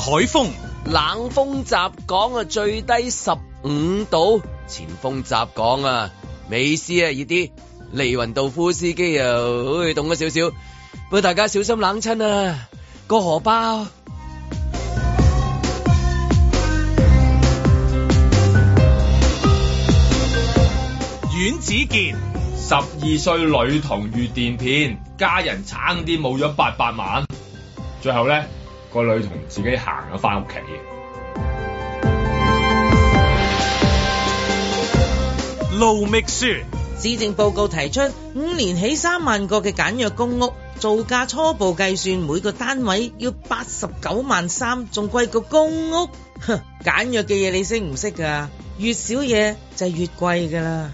海風冷風襲港啊，最低十五度，前風襲港啊，美斯啊熱啲，利雲道夫斯基又好似凍咗少少，不過、哎、大家小心冷親啊，那個荷包，啊。阮子健，十二歲女童遇電片，家人差啲冇咗八百萬，最後咧。個女同自己行咗翻屋企。盧覓雪，施政報告提出五年起三萬個嘅簡約公屋造價初步計算每個單位要八十九萬三，仲貴過公屋。哼，簡約嘅嘢你識唔識噶？越少嘢就越貴噶啦。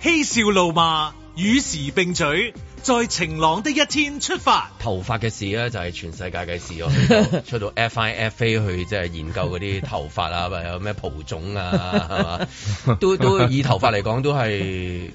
嬉笑怒罵與時並取。在晴朗的一天出發，頭髮嘅事咧、啊、就係、是、全世界嘅事咯、啊。去到 (laughs) 出到 F I F A 去即係研究嗰啲頭髮啊，或者咩蒲種啊，係嘛？ (laughs) 都都以頭髮嚟講都係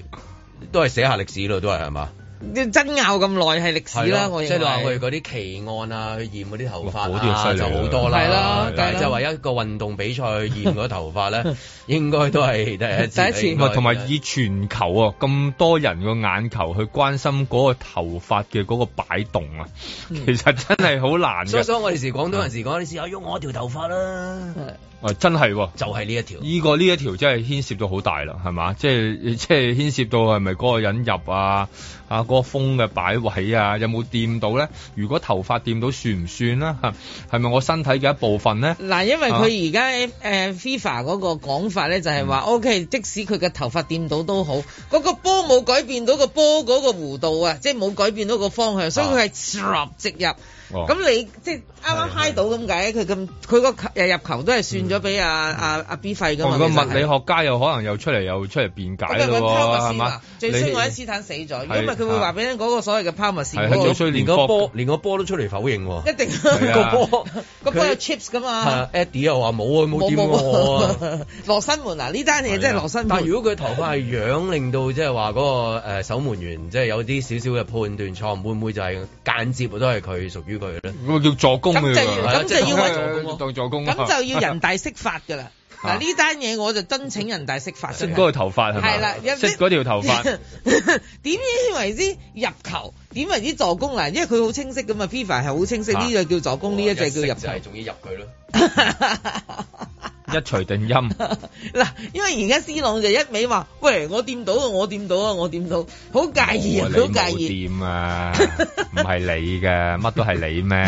都係寫下歷史咯，都係係嘛？都爭拗咁耐係歷史啦，我即係你話佢嗰啲奇案啊，去驗嗰啲頭髮就好多啦，係啦、啊，就唯一個運動比賽去驗嗰頭髮咧， (laughs) 應該都係第一次。同 (laughs) 埋以全球啊咁多人個眼球去關心嗰個頭髮嘅嗰個擺動啊，嗯、其實真係好難。所 (laughs) 以我哋時廣東人時講，你 (laughs) 試下喐我條頭髮啦、啊 (laughs) 啊，真係、啊，就係、是、呢一條，呢、這個呢一條真係牽涉到好大啦，係嘛？即係即係牽涉到係咪嗰個引入啊啊？波、那個、風嘅擺位啊，有冇掂到咧？如果頭髮掂到算唔算啦、啊？吓，係咪我身體嘅一部分咧？嗱，因為佢而家誒 FIFA 嗰個講法咧，就係話，OK，即使佢嘅頭髮掂到都好，嗰、個波冇改變到個波嗰個弧度啊，即係冇改變到個方向，所以佢係直入。咁、哦、你即係啱啱嗨到咁解，佢咁佢個入入球都係算咗俾阿阿阿 B 費噶嘛？個、嗯啊啊啊啊哦、物理學家又可能又出嚟又出嚟辯解咯喎，係嘛、啊？最衰愛因斯坦死咗，如果唔係佢會話俾嗰個所謂嘅拋物線。最衰連，連、那個波連個波都出嚟否認、啊，一定啊個波個波有 chips 噶嘛？Eddie 又話冇啊冇點啊，羅生、啊、 (laughs) 門啊呢單嘢真係羅生門、啊。但如果佢頭髮係樣，令到即係話嗰個誒守門員即係有啲少少嘅判斷錯誤，會唔會就係間接都係佢屬於？佢咧，叫助攻、啊、就要，咁就要當助攻、啊。咁就要人大釋法噶啦。嗱，呢單嘢我就真請人大釋法先、啊。應該頭髮係嘛？係、嗯、啦，識嗰條頭髮。點 (laughs) 樣為之入球？點為之助攻嗱？因為佢好清晰噶嘛，PFA 係好清晰。呢、啊、個叫助攻，呢一隻叫入球。仲、啊、要入佢咯。 (laughs) 一錘定音嗱， (laughs) 因為而家 C 朗就一味話，喂，我掂到啊，我掂到啊，我掂到，好介意啊，好介意，掂啊，唔係你噶、啊，乜 (laughs) 都係你咩？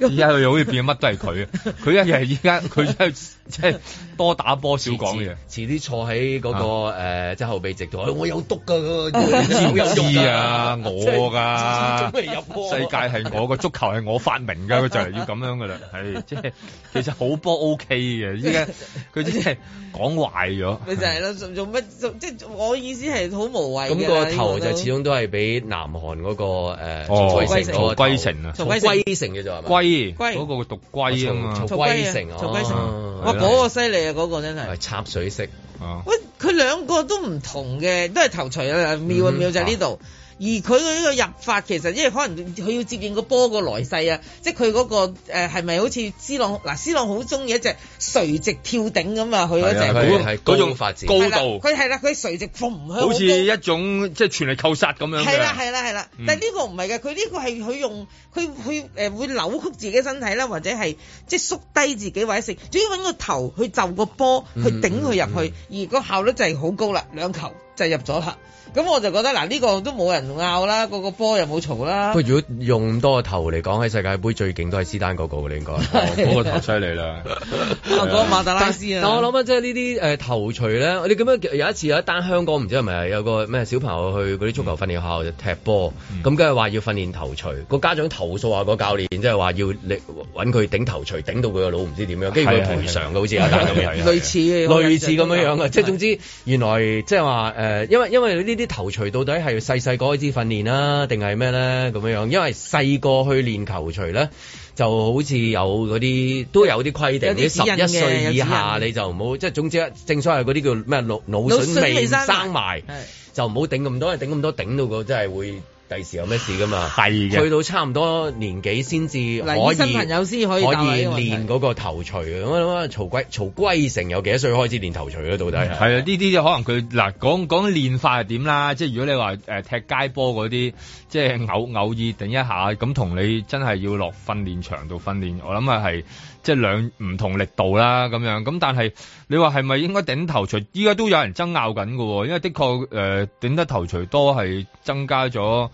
而家佢又好似變咗乜都係佢，佢一日依家佢真係即係。 (laughs) 波打波少講嘅，遲啲坐喺嗰、那個誒即、啊呃、後備席度。我有毒噶，有用、啊、 (laughs) 我噶的 (laughs) 世界係我個 (laughs) 足球係我發明噶，就 (laughs) 嚟要咁樣噶啦。係 (laughs) 即係其實好波 OK 嘅，依家佢即係講壞咗。佢 (laughs) 就係咯，做乜？即、就、係、是、我意思係好無謂。咁、那個頭就始終都係俾南韓嗰、那個誒曹圭成，個成，啊成、那個。啊，曹成、啊。嘅啫嘛，啊啊那個獨圭啊嘛，曹圭成。成，曹嗰個犀利嗰、那個真係插水式，啊，喂，佢兩個都唔同嘅，都係頭鎚、嗯、啊，妙啊妙就係呢度。而佢嘅呢個入法其實因為可能佢要接應個波個來勢，那個呃、是是啊，即佢嗰個誒係咪好似斯朗嗱斯朗好鍾意一隻垂直跳頂咁啊？佢嗰隻嗰種發展高度，佢係啦，佢垂直唔去好似一種即係全力扣殺咁樣。係啦係啦係啦，啦啦啦嗯、但呢個唔係嘅，佢呢個係佢用佢佢誒會扭曲自己身體啦，或者係即係縮低自己或者成，仲要搵個頭去就個波去頂佢入去，嗯嗯嗯、而個效率就係好高啦，兩球。就是、入咗啦，咁我就覺得嗱呢、呢個都冇人拗啦，個個波又冇嘈啦。不過如果用多頭嚟講，喺世界盃最勁都係斯丹個個你應該嗰 (laughs) 個頭犀利啦！嗰 (laughs) 個對 (laughs) 馬特拉斯啊！但我諗啊，即係呢啲誒頭槌咧，我哋咁、呃、記有一次有一單香港唔知係咪有個咩小朋友去嗰啲足球訓練學校、嗯、踢波，咁梗係話要訓練頭槌。個家長投訴話個教練即係話要你搵佢頂頭槌，頂到佢個腦唔知點樣，跟住佢賠償嘅好似啊，類似類似咁樣樣即係總之原來即係話。呃誒，因為因為呢啲頭槌到底係細細個開始訓練啦、啊，定係咩呢？咁樣因為細個去練頭槌呢，就好似有嗰啲都有啲規定，你十一歲以下你就唔好，即係總之，正所謂嗰啲叫咩腦囟未生埋，就唔好頂咁多，頂咁多頂到個真係會。第時有咩事噶嘛？係嘅，去到差唔多年紀先至可以朋友先可以可以練嗰個頭槌咁啊，曹圭曹圭成有幾多歲開始練頭槌咧、啊？到底係啊？呢啲可能佢嗱講講練法係點啦？即係如果你話誒踢街波嗰啲，即係偶偶爾頂一下咁，同你真係要落訓練場度訓練，我諗啊係。即係兩唔同力度啦，咁樣咁，但係你話係咪應該頂頭鎚？依家都有人爭拗緊㗎喎，因為的確誒頂得頭鎚多係增加咗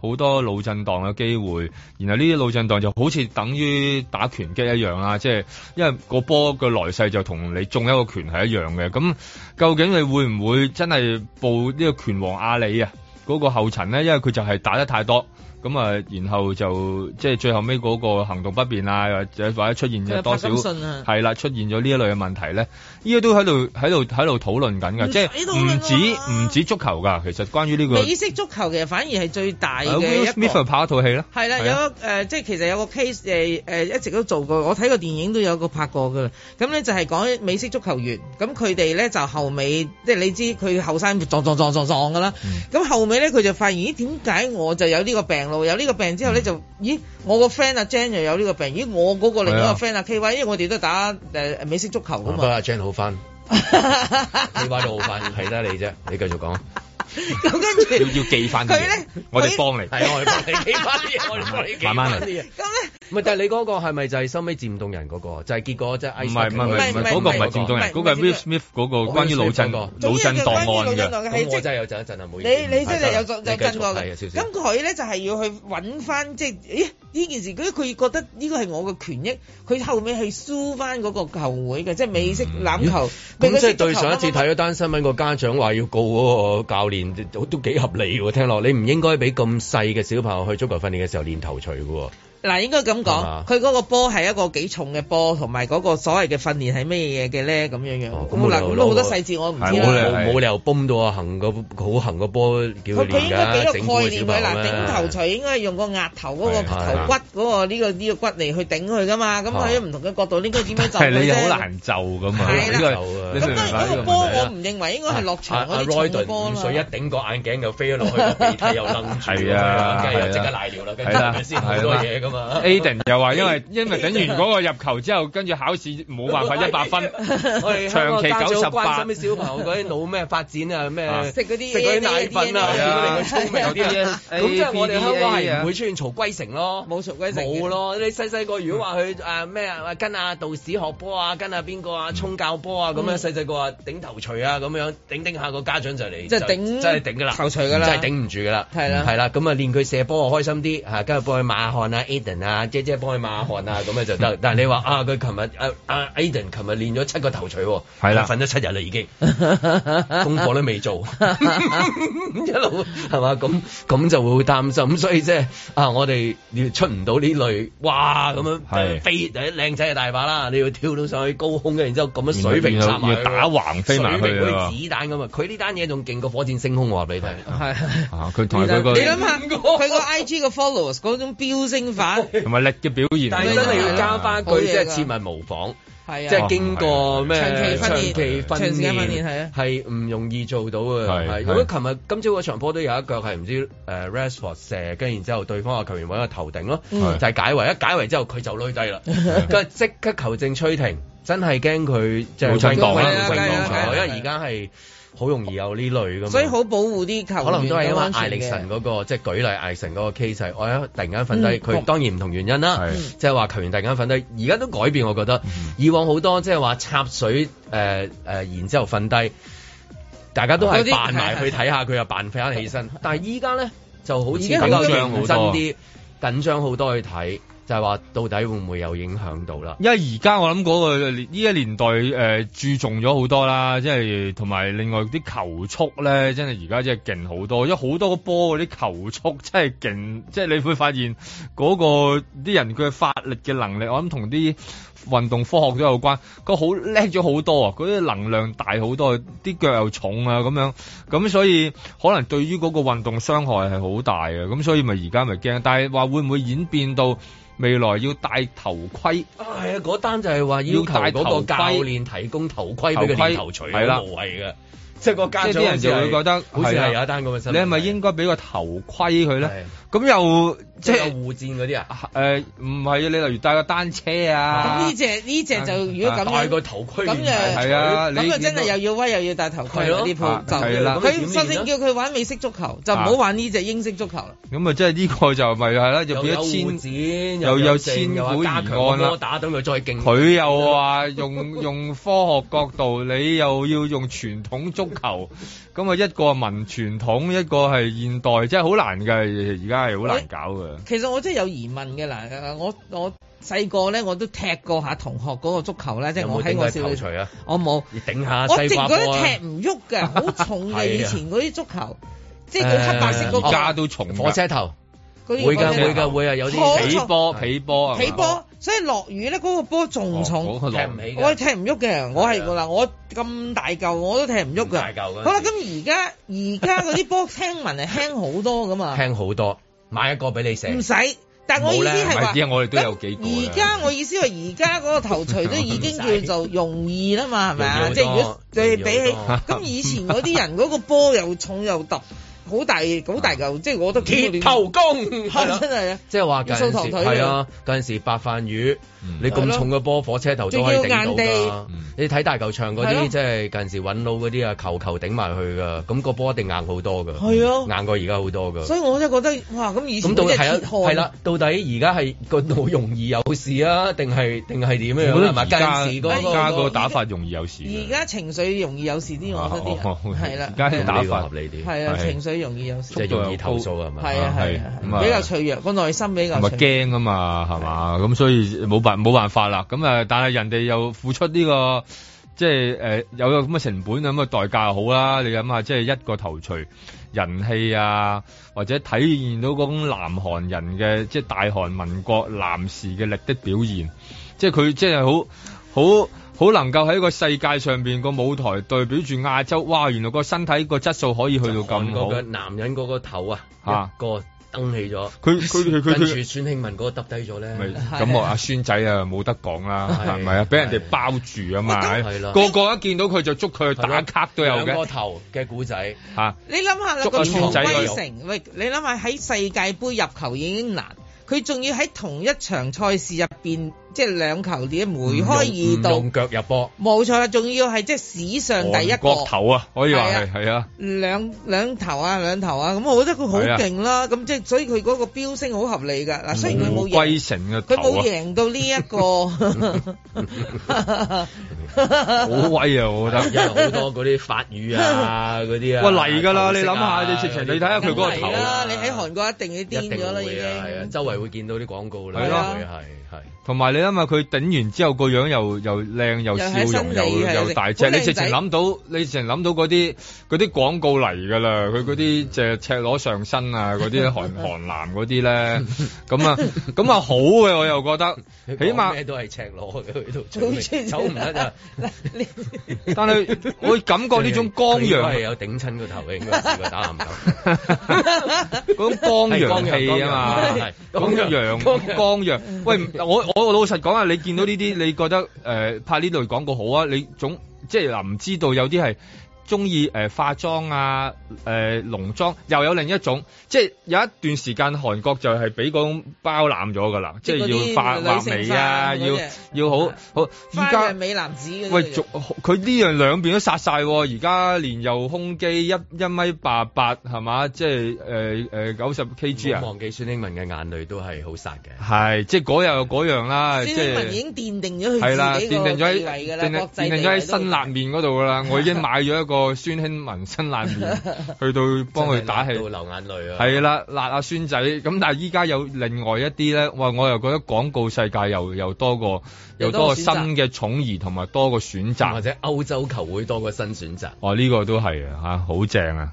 好多腦震盪嘅機會，然後呢啲腦震盪就好似等於打拳擊一樣啦，即係因為個波嘅來勢就同你中一個拳係一樣嘅。咁究竟你會唔會真係步呢個拳王阿里啊嗰、嗰個後塵咧？因為佢就係打得太多。咁啊，然後就即係最後屘嗰個行動不便啊，或者或者出現咗多少係啦，啊，出現咗呢一類嘅問題咧，依家都喺度喺度喺度討論緊嘅，即係唔止唔，啊，止足球㗎，其實關於呢，這個美式足球其實反而係最大嘅一個。Will Smith 拍一套戲啦，係啦，有誒，呃，即係其實有個 case 誒，呃，誒一直都做過，我睇過電影都有個拍過㗎啦。咁咧就係講美式足球員，咁佢哋咧就後尾，即係你知佢後生撞撞撞撞撞㗎啦。咁，嗯，後尾咧佢就發現咦點解我就有呢個病？有呢個病之後咧、嗯、就，咦，我個 friend 阿、啊、Jane 又有呢個病，咦，我嗰個另一個 friend 阿、啊、K Y，因為我哋都打誒美式足球咁嘛，阿、嗯啊、Jane 好翻，K Y 都好翻，係 (laughs) 啦，你啫，你繼續講。咁跟住，佢咧，我哋幫你， (laughs) 係我哋幫你寄翻我哋 (laughs) 慢慢嚟咁咧，唔係，但係你嗰個係咪就係收尾漸凍人嗰、那個？就係、是、結果真係。唔係唔係唔係，嗰、那個唔係漸凍人，嗰、那個係 Will Smith 嗰個關於腦震、腦震盪嘅。腦震盪嘅氣震一震啊！你你係有你有震過咁佢咧就係、是、要去揾翻，即係呢件事佢佢覺得呢個係我嘅權益。佢後尾係輸翻嗰個球會嘅，即係美式欖球。咁即係對上一次睇咗單新聞，個家長話要告嗰個教練。都幾合理噶喎，聽落你唔應該俾咁細嘅小朋友去足球訓練嘅時候練頭槌噶喎。嗱，應該咁講，佢嗰個波係一個幾重嘅波，同埋嗰個所謂嘅訓練係咩嘢嘅咧？咁樣樣，咁嗱，咁好多細節我唔知啦。係冇理由冇理由又崩到啊！行個好行個波幾好料㗎。佢，佢應該幾個概念嘅嗱，頂頭鎚應該係用個額頭嗰個頭骨嗰個呢個呢個骨嚟去頂佢㗎嘛。咁喺唔同嘅角度，應該點樣就㗎啫？係你好難就咁啊！係啦，咁嗰個波我唔認為應該係落場嗰啲波水一頂個眼鏡就飛咗落去，個鼻涕又掄住，梗係即刻瀨尿啦，係咪先好多嘢咁？Aden 又話：因為因為等完嗰個入球之後，跟住考試冇辦法一百分。長期九十做家長關心小朋友嗰啲腦咩發展啊咩？食嗰啲奶粉啊，咁樣聰明啲。咁即係我哋香港係唔會出現曹圭成咯，冇曹圭成？冇咯。你細細個如果話佢誒咩啊，跟阿導士學波啊，跟阿邊個啊，冲教波啊咁樣，細細個啊，頂頭槌啊咁樣，頂頂下個家長就嚟，即係頂，真係頂㗎啦，頭真係頂唔住㗎啦，係啦，係啦，咁啊練佢射波啊開心啲，跟住幫佢抹下汗啊。啊，姐姐幫佢抹汗啊，咁樣就得。但係你話啊，佢琴日阿阿 Aden 琴日練咗七個頭槌，哦，係啦，瞓咗七日啦已經，功課都未做， (laughs) 一路係嘛？咁咁就會擔心咁，所以即係啊，我哋你出唔到呢類哇咁樣飛靚仔嘅大把啦。你要跳到上去高空嘅，然之後咁樣水平殺埋，打橫飛埋去水平啊！子彈咁啊！佢呢單嘢仲勁過火箭升空喎！俾你睇，佢、啊啊啊啊啊啊那個、你諗下佢 (laughs) 個 I G 個 followers 嗰種飆升法。同埋力嘅表現但、啊，但係真係要加翻佢，即係、就是、切勿模仿，即係、就是、經過咩長，長期訓練、長期訓練係啊，係唔容易做到嘅。係，如果琴日、今朝嗰場波都有一腳係唔知誒 rest 球射，跟住然後之後對方嘅球員揾個頭頂囉，就係、是、解圍。一解圍之後佢就攞低啦，跟住即刻球證吹停，真係驚佢即係冇吹到啦，冇吹到，因為而家係。好容易有呢類噶嘛，所以好保護啲球員。可能都係因為艾力神嗰、嗰個、嗯、即係舉例，艾力神嗰個 case，我一突然間瞓低，佢當然唔同原因啦，即係話球員突然間瞓低，而家都改變，我覺得、嗯、以往好多即係話插水誒、呃呃、然之後瞓低，大家都係扮埋去睇下，佢又扮飛起身。但係依家咧就好似比較緊張啲，緊張好多，多去睇。就係話到底會唔會有影響到啦？因為而家我諗嗰個呢個年代誒、呃、注重咗好多啦，即係同埋另外啲球速咧，真係而家真係勁好多，因為好多個波嗰啲球速真係勁，即係你會發現嗰、嗰個啲、嗰個、人佢嘅發力嘅能力，我諗同啲。運動科學都有關，個好叻咗好多，嗰啲能量大好多，啲腳又重啊咁樣，咁所以可能對於嗰個運動傷害係好大嘅，咁所以咪而家咪驚，但係話會唔會演變到未來要戴頭盔？啊，係啊，嗰單就係話要求嗰個教練提供頭盔俾佢頭錘係啦，無謂嘅，即係個家長就會覺得好似係有一單咁嘅事，你係咪應該俾個頭盔佢咧？咁又即係互戰嗰啲啊？誒唔係啊！你例如戴個單車啊，呢隻呢隻就如果咁、啊、戴個頭盔樣，咁就係啊！咁啊真係又要威又要戴頭盔嗰啲就佢，首先叫佢玩美式足球，就唔好玩呢隻英式足球啦。咁啊，即係呢個就咪係啦，就變咗千戰，又千有，又有，有千款加強啦，樣打到佢再勁。佢又話用 (laughs) 用科學角度，你又要用傳統足球，咁 (laughs) 啊一個係文傳統， (laughs) 一個係現代，即係好難嘅而家。係好難搞嘅。其實我真係有疑問嘅啦。我我細個咧，我都踢過一下同學嗰個足球咧，即係我喺我少女除啊。我冇。頂下西。我淨覺得踢唔喐嘅，好重嘅。 (laughs) 以前嗰啲足球，即係嗰啲黑白色，嗰個架到重，火車頭。會噶會噶會啊！有啲起波起波啊，起波。所以落雨咧，嗰、嗰個波仲重，哦嗰個，踢唔起嘅。我係踢唔喐嘅。我係嗱，我咁大舊，我都踢唔喐噶。好啦，咁而家而家嗰啲波聽聞係輕好多噶嘛？輕好多。買一個俾你寫，唔使。但係我意思係話，而家我哋都有幾，我意思係而家嗰個頭槌都已經叫做容易啦嘛，係咪啊？即係如果對比起，咁 (laughs) 以前嗰啲人嗰個波又重又揼。好大好大嚿，即係我都覺得鐵頭功，真係啊！即係話、 (laughs) 啊啊、近時係啊，近時白飯魚、嗯，你咁重嘅波、嗯啊、火車頭都可以頂到、嗯、你睇大球場嗰啲，即係、啊就是、近時穩到嗰啲啊，球球頂埋去噶，咁、那個波一定硬好多噶，係啊，硬過而家好多噶。所以我真係覺得哇，咁以前咁到係啊，啦、啊啊啊，到底而家係個好容易有事啊，定係定係點樣樣啊、嗯？近嗰、那個、個打法容易有事，而家情緒容易有事啲，我覺得啲人係啦，家、啊啊啊啊啊、打法合理啲，係啊，容易有即係、就是、容易投訴係嘛係啊係啊咁、啊啊啊啊、比較脆弱個內心比較脆弱，咪驚啊嘛係嘛，咁所以冇辦冇辦法啦，咁啊但係人哋又付出呢、這個即係誒有個咁嘅成本咁嘅代價，好啦你諗下即係一個頭錘人氣啊或者體現到嗰種南韓人嘅即係大韓民國男士嘅力的表現，即係佢即係好好。就是好能夠喺個世界上邊個舞台代表住亞洲，哇！原來個身體個質素可以去到咁好。男人嗰個頭啊，啊，一個瞪起咗。佢佢佢跟住孫興文嗰個耷低咗咧。咁我阿孫仔啊冇得講啦，係咪啊？俾、啊、人哋包住啊嘛，是啊是啊個個一見到佢就捉佢去打卡都有嘅。啊、個頭嘅古仔吓，你諗下個仔威喂，你諗下喺世界杯入球已經難，佢仲要喺同一場賽事入邊。即係兩球點梅開二度，用，用腳入波，冇錯啦，仲要係即係史上第一個國頭啊！可以話係係啊，兩兩頭啊兩頭啊！咁、啊、我覺得佢好勁啦。咁、啊、即係所以佢嗰個飆升好合理㗎。嗱，雖然佢冇贏，佢冇、啊、贏到呢一個，好 (laughs) (laughs) (laughs) 威啊！我覺得、 (laughs) 啊、有好多嗰啲法語啊嗰啲啊，喂，嚟㗎啦！你諗下，你直情、啊、你睇下佢嗰個頭，啊啊、你喺韓國一定要癲咗啦，已經係啊，周圍會見到啲廣告啦，係咯、啊，係係、啊，同埋你。因為佢頂完之後個樣又又靚又笑容又又，又，又大隻，你直情諗到你成日諗到嗰啲啲廣告嚟㗎啦，佢嗰啲隻赤裸上身啊，嗰 (laughs) 啲韓韓男嗰啲咧，咁 (laughs) 啊咁啊好嘅，我又覺得起碼都係赤裸去度做走唔得啊！ (laughs) (laughs) (laughs) 但係我感覺呢種光陽係、就係、有頂親個頭應該打籃球嗰種光陽氣啊嘛，嗰種光陽 (laughs) (laughs) 喂，我我實講啊，你見到呢啲，你覺得誒、呃、拍呢類廣告好啊？你總即係嗱，唔、就是、知道有啲係。中意誒、化妝啊、誒濃妝又有另一種，即係有一段時間韓國就係俾嗰種包攬咗㗎啦，即係要化化眉啊，要要好好。依家美男子喂，佢呢樣兩邊都殺曬，而家連又胸肌一一米八八係嘛，即係誒誒九十 kg 啊！忘記孫英文嘅眼淚都係好殺嘅，係即係嗰樣又嗰樣啦，即係孫英文已經奠定咗佢係啦，奠定咗喺奠定咗喺新辣麵嗰度㗎啦， (laughs) 我已經買咗一個。個孫興慜生辣麵去 (laughs) 到幫佢打氣，流眼淚啊！係啦，辣阿孫仔咁，但係依家有另外一啲咧，哇！我又覺得廣告世界又又多個，又多個新嘅寵兒，同埋多個選擇，或者歐洲球會多個新選擇。哦，呢、這個都係啊，吓好正啊！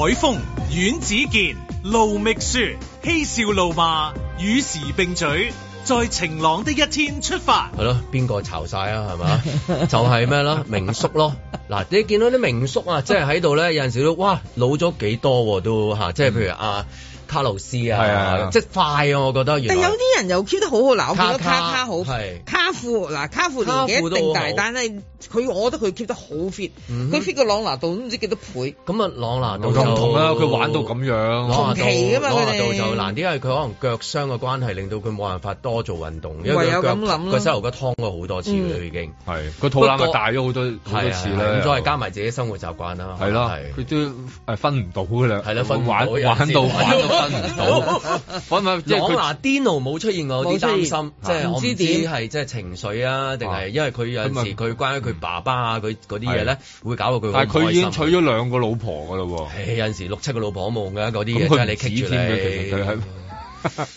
海峰、阮子健、盧覓雪、嬉笑怒罵，與時並舉，在晴朗的一天出發。係咯，邊個吵晒啊？係咪啊？就係咩咯？名宿咯。嗱，你見到啲名宿啊，即係喺度咧，有陣時都哇老咗幾多都吓，即係譬如啊。卡路斯啊，啊即係快啊！我覺得原，但有啲人又 keep 得好好嗱，我見到卡卡，卡卡好，卡富嗱，卡富年紀一定大，嗯、但係佢我覺得佢 keep 得好 fit，佢 fit 個朗拿度都唔知幾多倍。咁，嗯，啊，啊，朗拿度唔同啦，佢玩到咁樣，朗拿度就難啲，因為佢可能腳傷嘅關係，令到佢冇辦法多做運動，有因為佢腳佢膝，啊，頭哥劏咗好多次佢，嗯，已經係個，嗯，肚腩咪大咗好多好，啊，多次啦。再係，啊啊啊啊，加埋自己生活習慣啦，係咯，啊，佢都分唔到嘅啦，係咯，玩玩到我唔到，唔、嗯、唔，即係嗱，Dino 冇出現過我都擔心，啊、即係我唔知係即係情緒啊，定係因為佢有時佢關於佢爸爸啊，佢嗰啲嘢咧會搞到佢。但係佢已經娶咗兩個老婆噶嘞喎，有時六七個老婆都冇嘅嗰啲嘢，佢係你棘住你。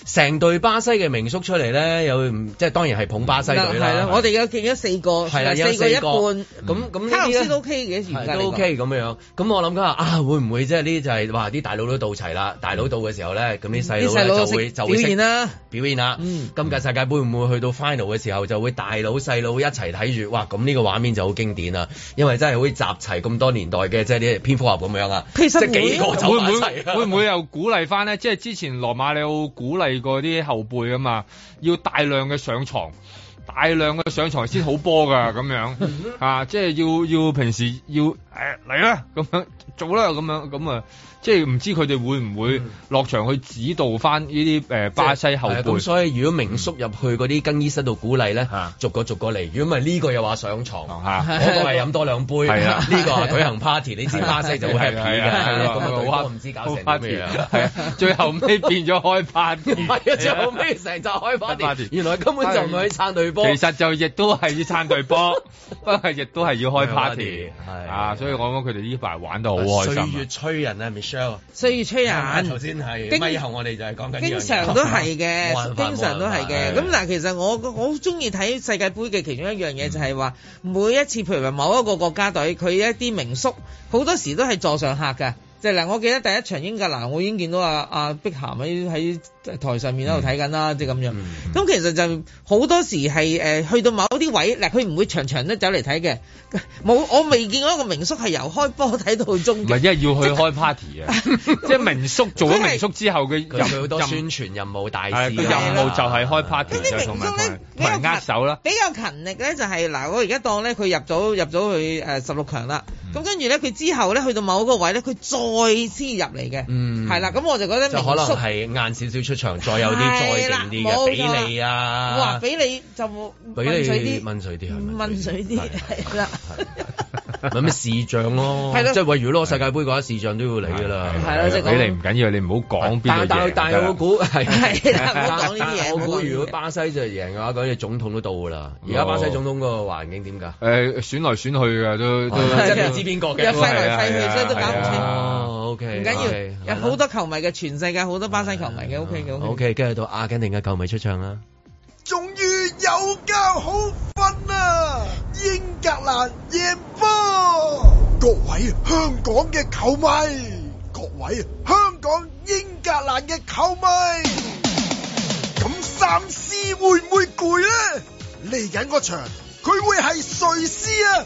成 (laughs) 隊巴西嘅名宿出嚟咧，有即係當然係捧巴西隊啦、嗯嗯嗯嗯。我哋有見咗四個，係啦，四個一半。咁、嗯、咁，都 OK 嘅，而家都 OK 咁樣。咁、嗯、我諗緊啊，會唔會即係呢啲就係、話、哇？啲大佬都到齊啦，大佬到嘅時候咧，咁啲細佬咧就會就會表現啦、啊，表現啦、嗯。今屆世界盃會唔會去到 final 嘅時候就會大佬細佬一齊睇住？哇！咁呢個畫面就好經典啦，因為真係好似集齊咁多年代嘅即係啲蝙蝠俠咁樣啊，即係幾個走埋一齊。會唔會又鼓勵翻呢？即係之前羅馬里奧。鼓勵過啲後輩啊嘛，要大量嘅上床，大量嘅上床先好波噶咁樣 (laughs) 啊，即係要要平時要，誒嚟啦咁樣做啦咁樣咁啊。即係唔知佢哋會唔會落場去指導返呢啲巴西後輩。咁、嗯嗯嗯就是嗯、所以如果明叔入去嗰啲更衣室度鼓勵呢，逐個逐個嚟。如果唔係呢個又話上床，嗯啊、我個嗰個係飲多兩杯，呢、呢個係舉行 party。你知巴西就會 happy 㗎。咁我唔知搞成 party 最後尾變咗開 party。最後尾成集開 party，來開 party 原來根本就唔可以撐隊波。其實就亦都係要撐隊波，不過亦都係要開 party。係所以我講佢哋呢排玩到好開心。歲月催人啊。所以吹人，咁啊！頭先係咁啊！以後我哋就係講緊，經常都係嘅，經常都係嘅。咁嗱，其實我我好中意睇世界杯嘅其中一樣嘢，就係話每一次，譬如話某一個國家隊，佢一啲名宿好多時都係座上客嘅。即係嗱，我記得第一場英格蘭我已經見到阿、啊、阿、啊、碧咸喺喺台上面喺度睇緊啦，即係咁樣，咁、嗯嗯、其實就好多時係誒、呃、去到某啲位，嗱佢唔會場場都走嚟睇嘅。冇，我未見到一個名宿係由開波睇到終，唔係因為要去開 party 啊， (laughs) 即係名宿做咗名宿之後佢有好多宣傳任務，大事任務大事， (laughs) 大。係，佢任務就係開 party 就從來唔係握手啦。比較勤力咧就係、是、嗱，我而家當咧佢入咗入咗去誒十六強啦。咁跟住咧佢之後咧去到某一個位咧，佢再。外資入嚟嘅，嗯，係啦，咁我就覺得就可能係晏少少出場，再有啲再勁啲嘅俾你啊！我俾你就俾你啲濛水啲，濛水啲係啦，咪咩視像咯，即係例如攞世界杯嘅話，視像都要嚟㗎啦。係係俾你唔緊要，你唔好講。但係但係但係我估係，唔好講呢啲嘢。我估如果巴西就贏嘅話，嗰隻總統都到㗎啦。而家巴西總統個環境點㗎？誒選來選去㗎都，真係唔知邊個嘅，廢來廢去真係都搞唔清。啊哦、oh,，OK，唔緊要，okay, 有好多球迷嘅，okay, 全世界好多巴西球迷嘅，OK 嘅 o k k 跟住到阿根廷嘅球迷出場啦，終於有覺好瞓啦，啊，英格蘭贏波，各位香港嘅球迷，各位香港英格蘭嘅球迷，咁 (noise) 三獅會唔會攰咧？嚟緊嗰場，佢會係瑞士啊？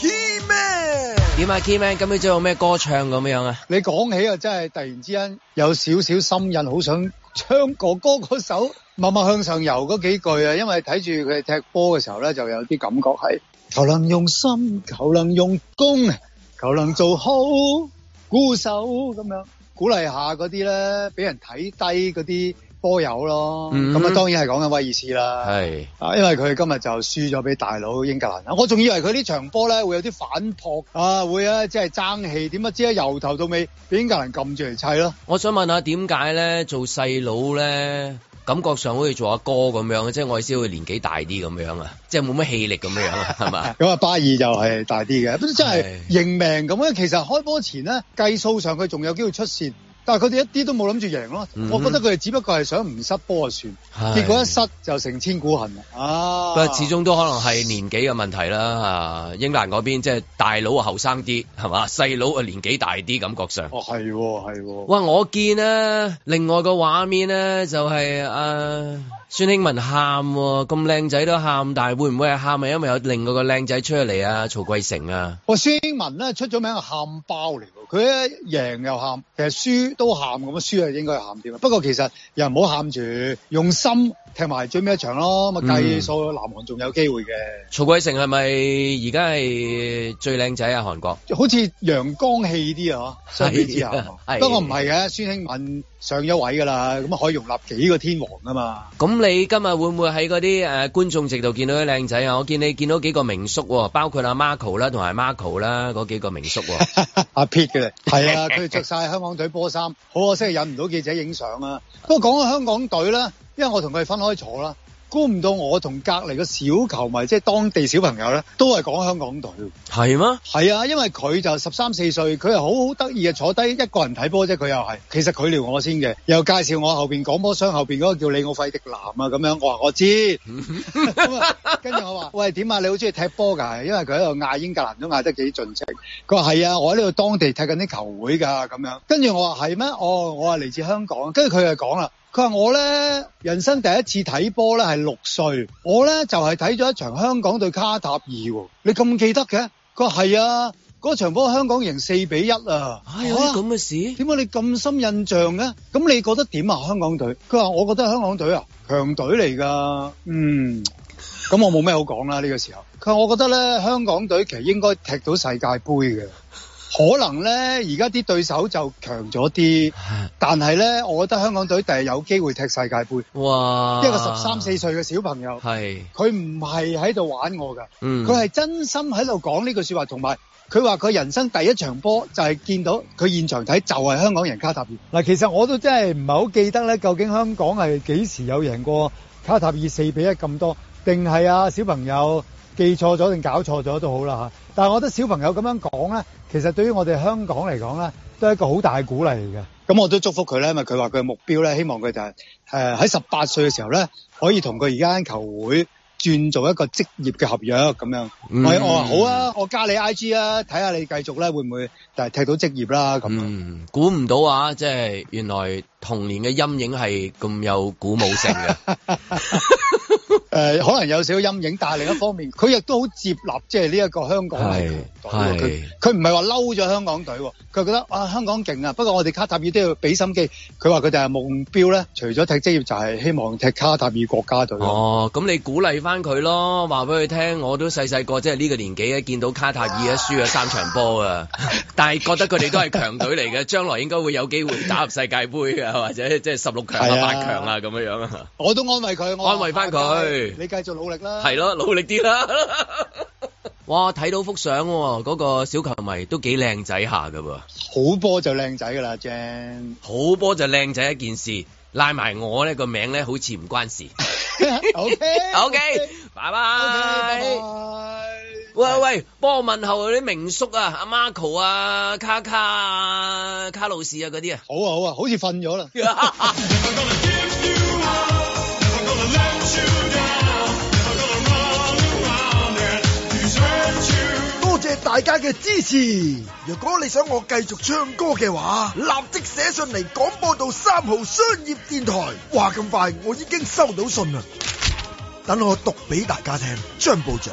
Kman，點啊 Kman？今日將有咩歌唱咁樣啊？你講起啊真係突然之間有少少心癮，好想唱哥哥嗰首《默默向上游》嗰幾句啊！因為睇住佢踢波嘅時候咧，就有啲感覺係求能用心，求能用功，求能做好鼓手咁樣，鼓勵下嗰啲咧俾人睇低嗰啲。波友咯，咁、嗯、啊當然係講緊威爾斯啦，係，啊因為佢今日就輸咗俾大佬英格蘭，我仲以為佢呢場波咧會有啲反撲啊，會啊，即係爭氣，點解知由頭到尾俾英格蘭撳住嚟砌咯。我想問下點解咧做細佬咧感覺上好似做阿哥咁樣，、就是、樣，即係我意思會年紀大啲咁樣啊，即係冇乜氣力咁樣啊，係 (laughs) 嘛？咁啊巴爾就係大啲嘅，都真係認命咁啊。其實開波前咧計數上佢仲有機會出線。但佢哋一啲都冇諗住贏咯，mm-hmm. 我覺得佢哋只不過係想唔失波就算，結果一失就成千古恨啦。不、啊、過始終都可能係年紀嘅問題啦嚇、啊，英格蘭嗰邊即係大佬啊後生啲係嘛，細佬啊年紀大啲感覺上。哦係喎、哦哦、哇我見咧另外個畫面咧就係、是、啊孫興文喊，咁靚仔都喊，但係會唔會係喊係因為有另外一個靚仔出嚟啊曹桂成啊？我孫興文咧出咗名喊包嚟佢一贏又喊，其實輸都喊咁啊！輸啊，應該係喊啲啊。不過其實又唔好喊住，用心踢埋最尾一場囉。咁啊，計數南韓仲有機會嘅、嗯。曹圭成係咪而家係最靚仔呀？韓國好似陽光氣啲呀。嗬，先知、啊啊、不過唔係嘅，孫興慜。上一位噶啦，咁啊可以容納幾個天王啊嘛。咁你今日會唔會喺嗰啲誒觀眾席度見到啲靚仔啊？我見你見到幾個名宿、啊，包括阿、啊、Marco 啦、啊，同埋、啊、Marco 啦、啊，嗰幾個名宿。阿 Pete 嚟，係啊，佢哋着晒香港隊波衫，好 (laughs) 可惜係引唔到記者影相啊。不過講到香港隊咧，因為我同佢哋分開坐啦。估唔到我同隔離個小球迷，即係當地小朋友咧，都係講香港隊。係咩？係啊，因為佢就十三四歲，佢係好好得意嘅，坐低一個人睇波啫。佢又係，其實佢撩我先嘅，又介紹我後面講波箱後面嗰個叫李奧費迪南啊咁樣。我話我知，跟 (laughs) 住 (laughs) (laughs) 我話喂，點啊？你好中意踢波㗎？因為佢喺度嗌英格蘭都嗌得幾盡情。佢話係啊，我喺呢度當地踢緊啲球會㗎咁樣。跟住我話係咩？哦，我話嚟自香港。跟住佢又講啦。佢話我咧，人生第一次睇波咧係六歲，我咧就係睇咗一場香港對卡塔爾喎。你咁記得嘅？佢話係啊，嗰場波香港贏四比一啊。吓，有啲咁嘅事？點解你咁深印象嘅？咁你覺得點啊？香港隊？佢話我覺得香港隊啊，強隊嚟㗎。嗯，咁我冇咩好講啦呢個時候。佢話我覺得咧香港隊其實應該踢到世界盃嘅。可能呢，而家啲對手就強咗啲，但係呢，我覺得香港隊第日有機會踢世界盃。哇！一個十三四歲嘅小朋友，佢唔係喺度玩我㗎，佢、嗯、係真心喺度講呢句說話，同埋佢話佢人生第一場波就係、是、見到佢現場睇就係、是、香港贏卡塔爾。嗱，其實我都真係唔係好記得呢，究竟香港係幾時有贏過卡塔爾四比一咁多？定係啊小朋友記錯咗定搞錯咗都好啦吓。但係我覺得小朋友咁樣講呢。其實對於我哋香港嚟講咧，都係一個好大嘅鼓勵嚟嘅。咁我都祝福佢咧，因為佢話佢嘅目標咧，希望佢就係誒喺十八歲嘅時候咧，可以同佢而家球會轉做一個職業嘅合約咁樣。嗯、所以我我話好啊，我加你 I G 啊，睇下你繼續咧會唔會，就係踢到職業啦咁。嗯，估唔到啊，即係原來。童年嘅陰影係咁有鼓舞性嘅、 (laughs) (laughs) 呃，可能有少少陰影，但係另一方面，佢 (laughs) 亦都好接納，即係呢一個香港，係係香港隊。佢唔係話嬲咗香港隊，佢覺得啊，香港勁啊，不過我哋卡塔爾都要俾心機。佢話佢哋嘅目標咧，除咗踢職業，就係、係、希望踢卡塔爾國家隊、啊。哦，咁你鼓勵返佢咯，話俾佢聽。我都細細個即係呢個年紀咧，見到卡塔爾一輸咗三場波啊， (laughs) 但係覺得佢哋都係強隊嚟嘅，將來應該會有機會打入世界盃或者即係十六強啊、八、啊、強啊咁樣樣啊，我都安慰佢，我安慰翻佢，你繼續努力啦，係咯、啊，努力啲啦。 (laughs) 哇，睇到幅相、啊，嗰、嗰個小球迷都幾靚仔下㗎喎，好波就靚仔㗎啦 James 好波就靚仔一件事，拉埋我呢、呢個名咧，好似唔關事。O K，O K，拜拜。喂喂，幫我問候啲名宿啊，阿 Marco 啊，卡卡啊，卡路士啊嗰啲啊。好啊好啊，好似瞓咗啦。 (laughs) up, down, it, 多謝大家嘅支持。如果你想我繼續唱歌嘅話，立即寫信嚟廣播道三號商業電台。話咁快，我已經收到信啦。等我讀俾大家聽，張部長。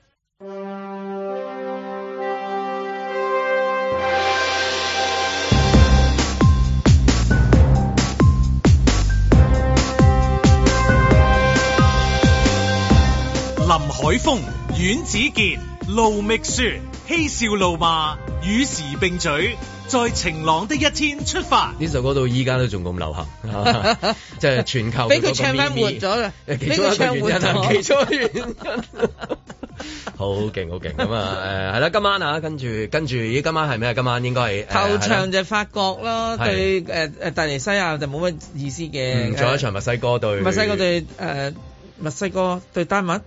林海峰、阮子健、盧覓雪嬉笑怒罵與時並舉，在晴朗的一天出發。呢首歌到依家都仲咁流行，即 (laughs) 係 (laughs) 全球咪咪。俾 (laughs) 佢唱翻活咗啦！俾佢唱活咗，其中一個原因， (laughs) 其中一個原因 (laughs) (laughs) 好勁，好勁！咁啊，係啦，今晚啊，跟住跟住，咦今晚係咩啊？今晚應該係後、嗯、場就法國咯，對誒誒、呃，大尼西亞就冇乜意思嘅。仲、嗯嗯、有一場墨西哥對墨西哥對誒、呃、墨西哥對丹麥。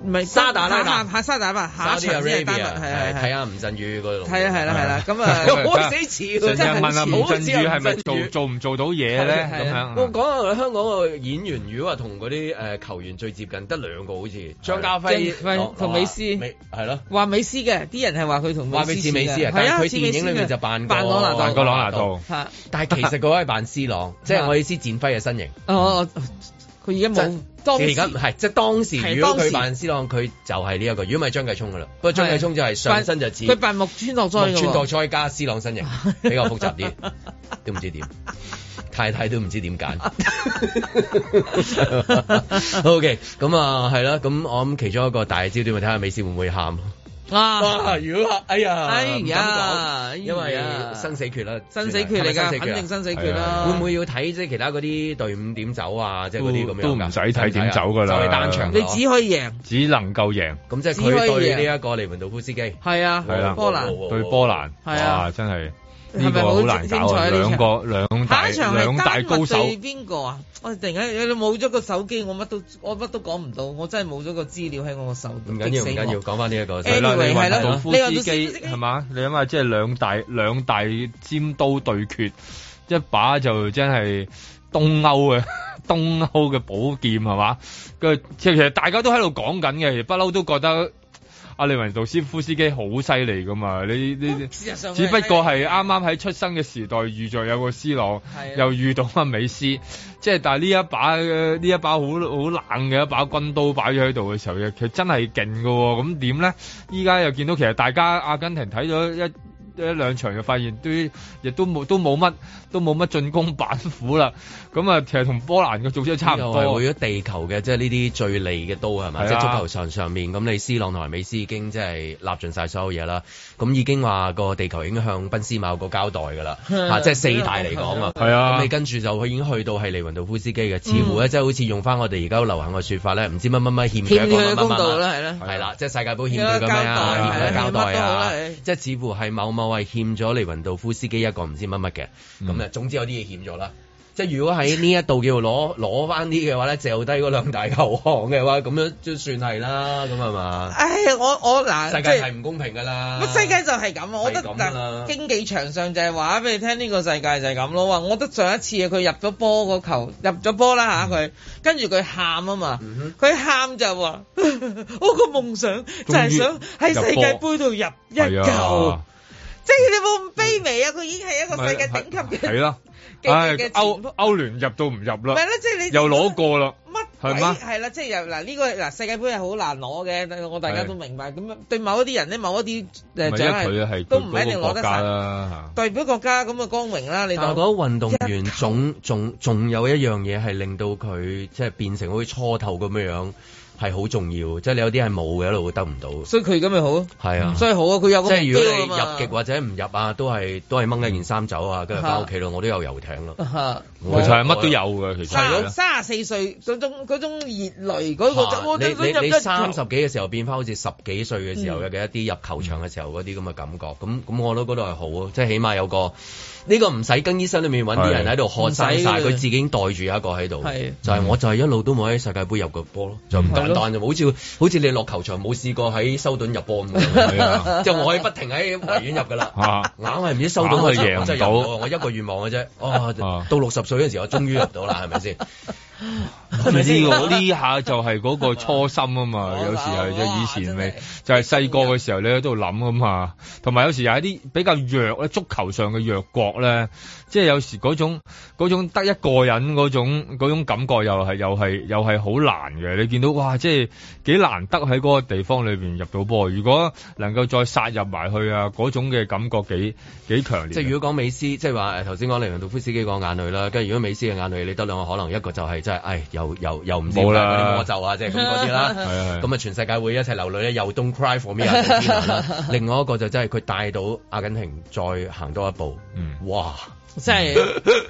唔係沙打啦，下沙打，吧，下一場 Ray 啊，係啊係啊，睇下吳鎮宇嗰度。係啊係啦係啦，咁啊，我下詞，真係、啊 (laughs) 嗯、問啊，吳鎮宇係咪做做唔做到嘢咧咁樣。我講下香港個演員，如果話同嗰啲誒球員最接近，得、啊啊、兩個好似、啊、張家輝同美斯，係咯。話美斯嘅，啲人係話佢同話美斯美斯啊，但係佢電影裡面就扮扮朗拿大個朗拿度，但係其實嗰個係扮斯朗，即係我意思，展輝嘅身形。佢而家冇，其而家唔係，即係當時，當時如果佢扮司朗，佢就係呢一個；如果唔係張繼聰㗎喇，不過張繼聰就係上身就似佢扮木村拓哉，木村拓哉加司朗身形比較複雜啲，都唔知點 (laughs) 太太都唔知點揀。 (laughs) (laughs) OK，咁啊，係啦、啊，咁我諗其中一個大焦點，咪睇下美斯會唔會喊。哇！如果哎呀，哎呀，哎呀，因為啊生死決啦，生死決嚟㗎，肯定生死決啦，啊啊。會唔會要睇即係其他嗰啲隊伍點走啊？即係嗰啲咁樣都唔使睇點走㗎啦，啊就係單場，你只可以贏，只能夠贏，咁即係佢對你呢一個利文道夫斯基，係啊，係啦，波蘭對波蘭係啊，對啊真係。呢、這個好難搞啊！兩個兩大兩大高手邊個啊？我突然間你冇咗個手機，我乜都我乜都講唔到，我真係冇咗個資料喺我個手我、這個手。唔緊要，唔緊要，講翻呢一個啦。你話老夫斯基係嘛？你諗下，即係兩大兩大尖刀對決，一把就真係東歐嘅 (laughs) 東歐嘅寶劍係嘛？其實大家都喺度講緊嘅，不嬲都覺得。阿利雲道斯夫斯基好犀利噶嘛？你你，只不過係啱啱喺出生嘅時代遇著有個 C 朗，又遇到阿美斯，即係但係呢一把呢一把好好冷嘅一把軍刀擺咗喺度嘅時候，其實真係勁噶喎。咁點咧？依家又見到其實大家阿根廷睇咗一。一兩場就發現，都亦都冇都冇乜，都冇乜進攻板斧啦。咁啊，其實同波蘭嘅做出差唔多。為咗地球嘅即係呢啲最利嘅刀係咪？啊、即係足球場上面，咁你斯朗同埋美斯已經即係立盡晒所有嘢啦。咁已經話個地球已經向賓斯馬個交代㗎啦，啊啊。即係四大嚟講啊。係啊。咁你跟住就佢已經去到係利雲道夫斯基嘅，似乎咧、嗯、即係好似用翻我哋而家流行嘅説法咧，唔知乜乜乜欠佢嘅公道啦，係啦。是啊是啊，即係世界保險嘅交代，啊。啊啊啊啊即係似乎係某某。我係欠咗利雲道夫斯基一個唔知乜乜嘅，咁、嗯、啊，總之有啲嘢欠咗啦。即係如果喺呢一度叫攞攞翻啲嘅話咧，就低嗰兩大球項嘅話，咁樣就算係啦，咁係嘛？唉，我我嗱，世界係唔公平噶啦。世界就係、是、咁、就是，我覺得經濟場上就係話俾你聽，呢個世界就係咁咯。話我覺得上一次佢入咗波嗰球入咗波啦吓佢，跟住佢喊啊嘛，佢喊就話我個夢想就係想喺世界杯度入一球。即係你冇咁卑微啊！佢已經係一個世界頂級嘅係啦，係歐歐聯入到唔入啦？唔係啦，即係你又攞過啦，乜係嗎？係啦，即係又嗱呢個嗱世界盃係好難攞嘅，我大家都明白。咁對某一啲人咧，某一啲誒獎項係都唔一定攞得曬啦，代表國家咁嘅光榮啦。你但係嗰運動員總總總有一樣嘢係令到佢即係變成好似初頭咁樣樣。係好重要，即係你有啲係冇嘅，一路會得唔到。所以佢咁咪好，係啊，所以好啊，佢有個機，即係如果你入極或者唔入啊，都係都係掹一件衫走啊，跟住翻屋企咯。我都有遊艇咯，佢、嗯、就係乜都有㗎。其實三十四歲嗰種嗰種熱淚嗰、那個，啊、你我你三十幾嘅時候變翻好似十幾歲嘅時候嘅一啲入球場嘅時候嗰啲咁嘅感覺，咁咁我都覺得係好啊，即係起碼有個。呢、這個唔使更醫生裏找那，裏面揾啲人喺度看晒，曬，佢自己袋住一個喺度。就係、是、我就係一路都冇喺世界盃入過波咯，就唔簡單。就好似好似你落球場冇試過喺修頓入波咁。即係我可不停喺維園入噶啦，硬係唔知修頓佢贏唔贏有我一個願望嘅啫。到六十歲嗰時候，我終於入到啦，係咪先？呢個呢下就係嗰個初心啊嘛， (laughs) 有時係是即 (laughs) 以前咪就係細個嘅時候你喺度諗啊嘛，同 (laughs) 埋有時有一啲比較弱咧，足球上嘅弱國咧，即係有時嗰種得一個人嗰種嗰種感覺又係又係又係好難嘅。你見到哇，即係幾難得喺嗰個地方裏邊入到波，如果能夠再殺入埋去啊，嗰種嘅感覺幾幾強烈。即係如果講美斯，即係話誒頭先講利雲度夫斯基講眼淚啦，跟住如果美斯嘅眼淚，你得兩個可能一個就係、是。就係、是、唉，又又又唔知啦，嗰啲魔咒啊，即係咁嗰啲啦。係啊，咁啊， (laughs) 全世界會一齊流淚咧，又 Don't cry for me 啊！ (laughs) 另外一個就真係佢帶到阿根廷再行多一步，嗯，哇！即係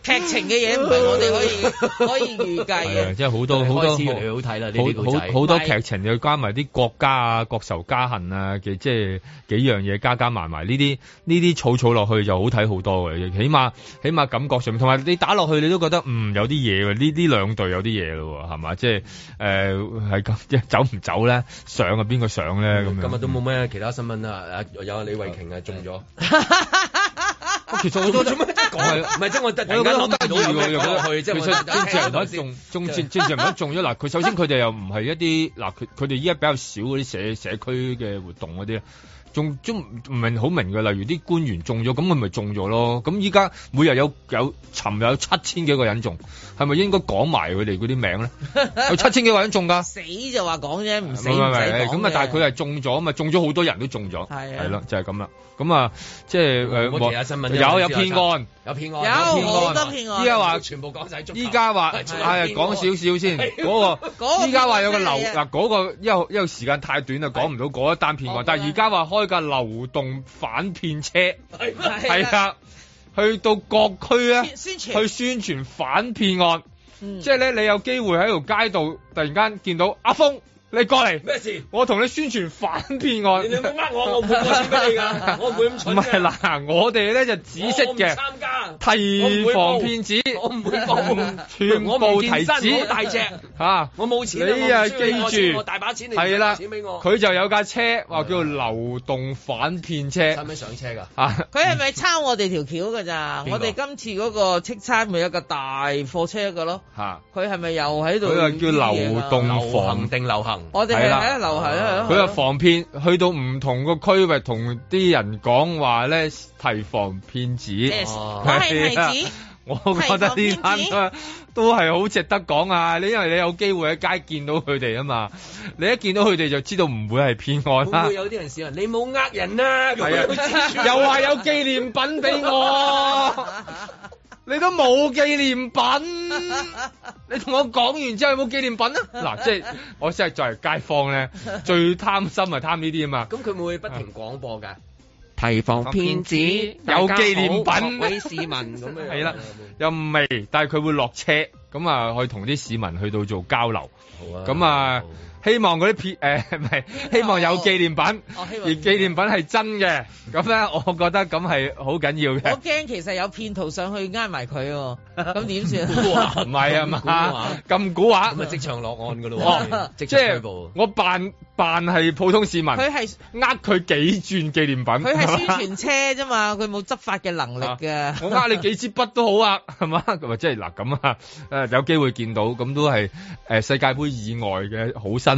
劇情嘅嘢，唔係我哋可以可以預計啊！即係好，好，好，好多好多好睇啦，呢啲好多劇情要加埋啲國家啊、國仇家恨啊嘅，即係幾樣嘢加加埋埋呢啲呢啲草草落去就好睇好多嘅，起碼起碼感覺上面，同埋你打落去你都覺得嗯有啲嘢喎，呢呢兩隊有啲嘢咯，係嘛？即係誒，係、呃、咁，即係走唔走咧？上啊，邊個上咧？咁、嗯、今日都冇咩其他新聞啊。有李慧瓊啊、嗯、中咗。 (laughs) (laughs) 其實好多做咩？我係唔係啫？我突然間諗到，著喎，又覺得佢啫。政治人敢中，中正政治人敢中咗。嗱，佢首先佢哋又唔係一啲嗱，佢佢哋依家比較少嗰啲社社區嘅活動嗰啲。仲唔明好明嘅，例如啲官員中咗，咁佢咪中咗咯？咁依家每日有有尋日有七千幾個人中，係咪應該講埋佢哋嗰啲名咧？ (laughs) 有七千幾個人中㗎，死就話講啫，唔死唔咁啊，但係佢係中咗，咁啊中咗好多人都中咗，係啦就係咁啦。咁啊，即係誒、就是嗯就是嗯、有有偏案，有偏案，有偏案。依家話全部講中。依家話係講少少先嗰、 (laughs) (laughs) 那個，依家話有個流嗱嗰、 (laughs) 那個個,那個，因因為一時間太短啦講唔到嗰一單騙案。但係而家話開。嘅流動反騙車係 (laughs) 是啊， (laughs) 去到各區啊，去宣傳反騙案，嗯、即係咧，你有機會喺條街度突然間見到阿峰。你過嚟咩事？我同你宣傳反騙案。你唔好呃我，我唔 (laughs) 會借錢俾你噶，我唔會咁蠢。唔係嗱，我哋咧就紫色嘅，提防騙子，我唔會幫，我會 (laughs) 全部提子，大隻吓， (laughs) 我冇錢，你啊你錢記住，係啦，佢就有架車，話叫， (laughs) (laughs) 叫流動反騙車。係咪上車噶？吓，佢係咪抄我哋條橋噶咋？我哋今次嗰個即差咪有個大貨車噶咯？吓，佢係咪又喺度？佢叫流動防定流行。我哋係啦，留啊，佢又防騙，去到唔同個區域同啲人講話咧，提防騙子，係、哦、啊，我覺得呢單都係係好值得講啊！你因為你有機會喺街見到佢哋啊嘛，你一見到佢哋就知道唔會係騙案啦。會會有啲人笑人啊，你冇呃人啦，係啊，又話有紀念品俾我。 (laughs) 你都冇紀念品，你同我講完之後有冇紀念品啊？嗱，即係我真係作為街坊咧，最貪心係貪呢啲啊嘛。咁佢會不停廣播㗎，提防騙子，有紀念品俾市民咁樣。係啦，又唔係，但係佢會落車咁啊，去同啲市民去到做交流。好啊。咁啊。希望嗰啲片，誒唔係，希望有紀念品，而紀念品係真嘅，咁咧我覺得咁係好緊要嘅。我驚其實有騙徒上去呃埋佢，咁點算啊？唔係啊嘛，咁古話咪即場落案噶咯？即係我扮扮係普通市民，佢係呃佢幾轉紀念品，佢係宣傳車啫嘛，佢冇執法嘅能力嘅。我呃你幾支筆都好啊，係嘛？咁啊即係嗱咁啊，誒有機會見到咁都係誒世界杯以外嘅好新。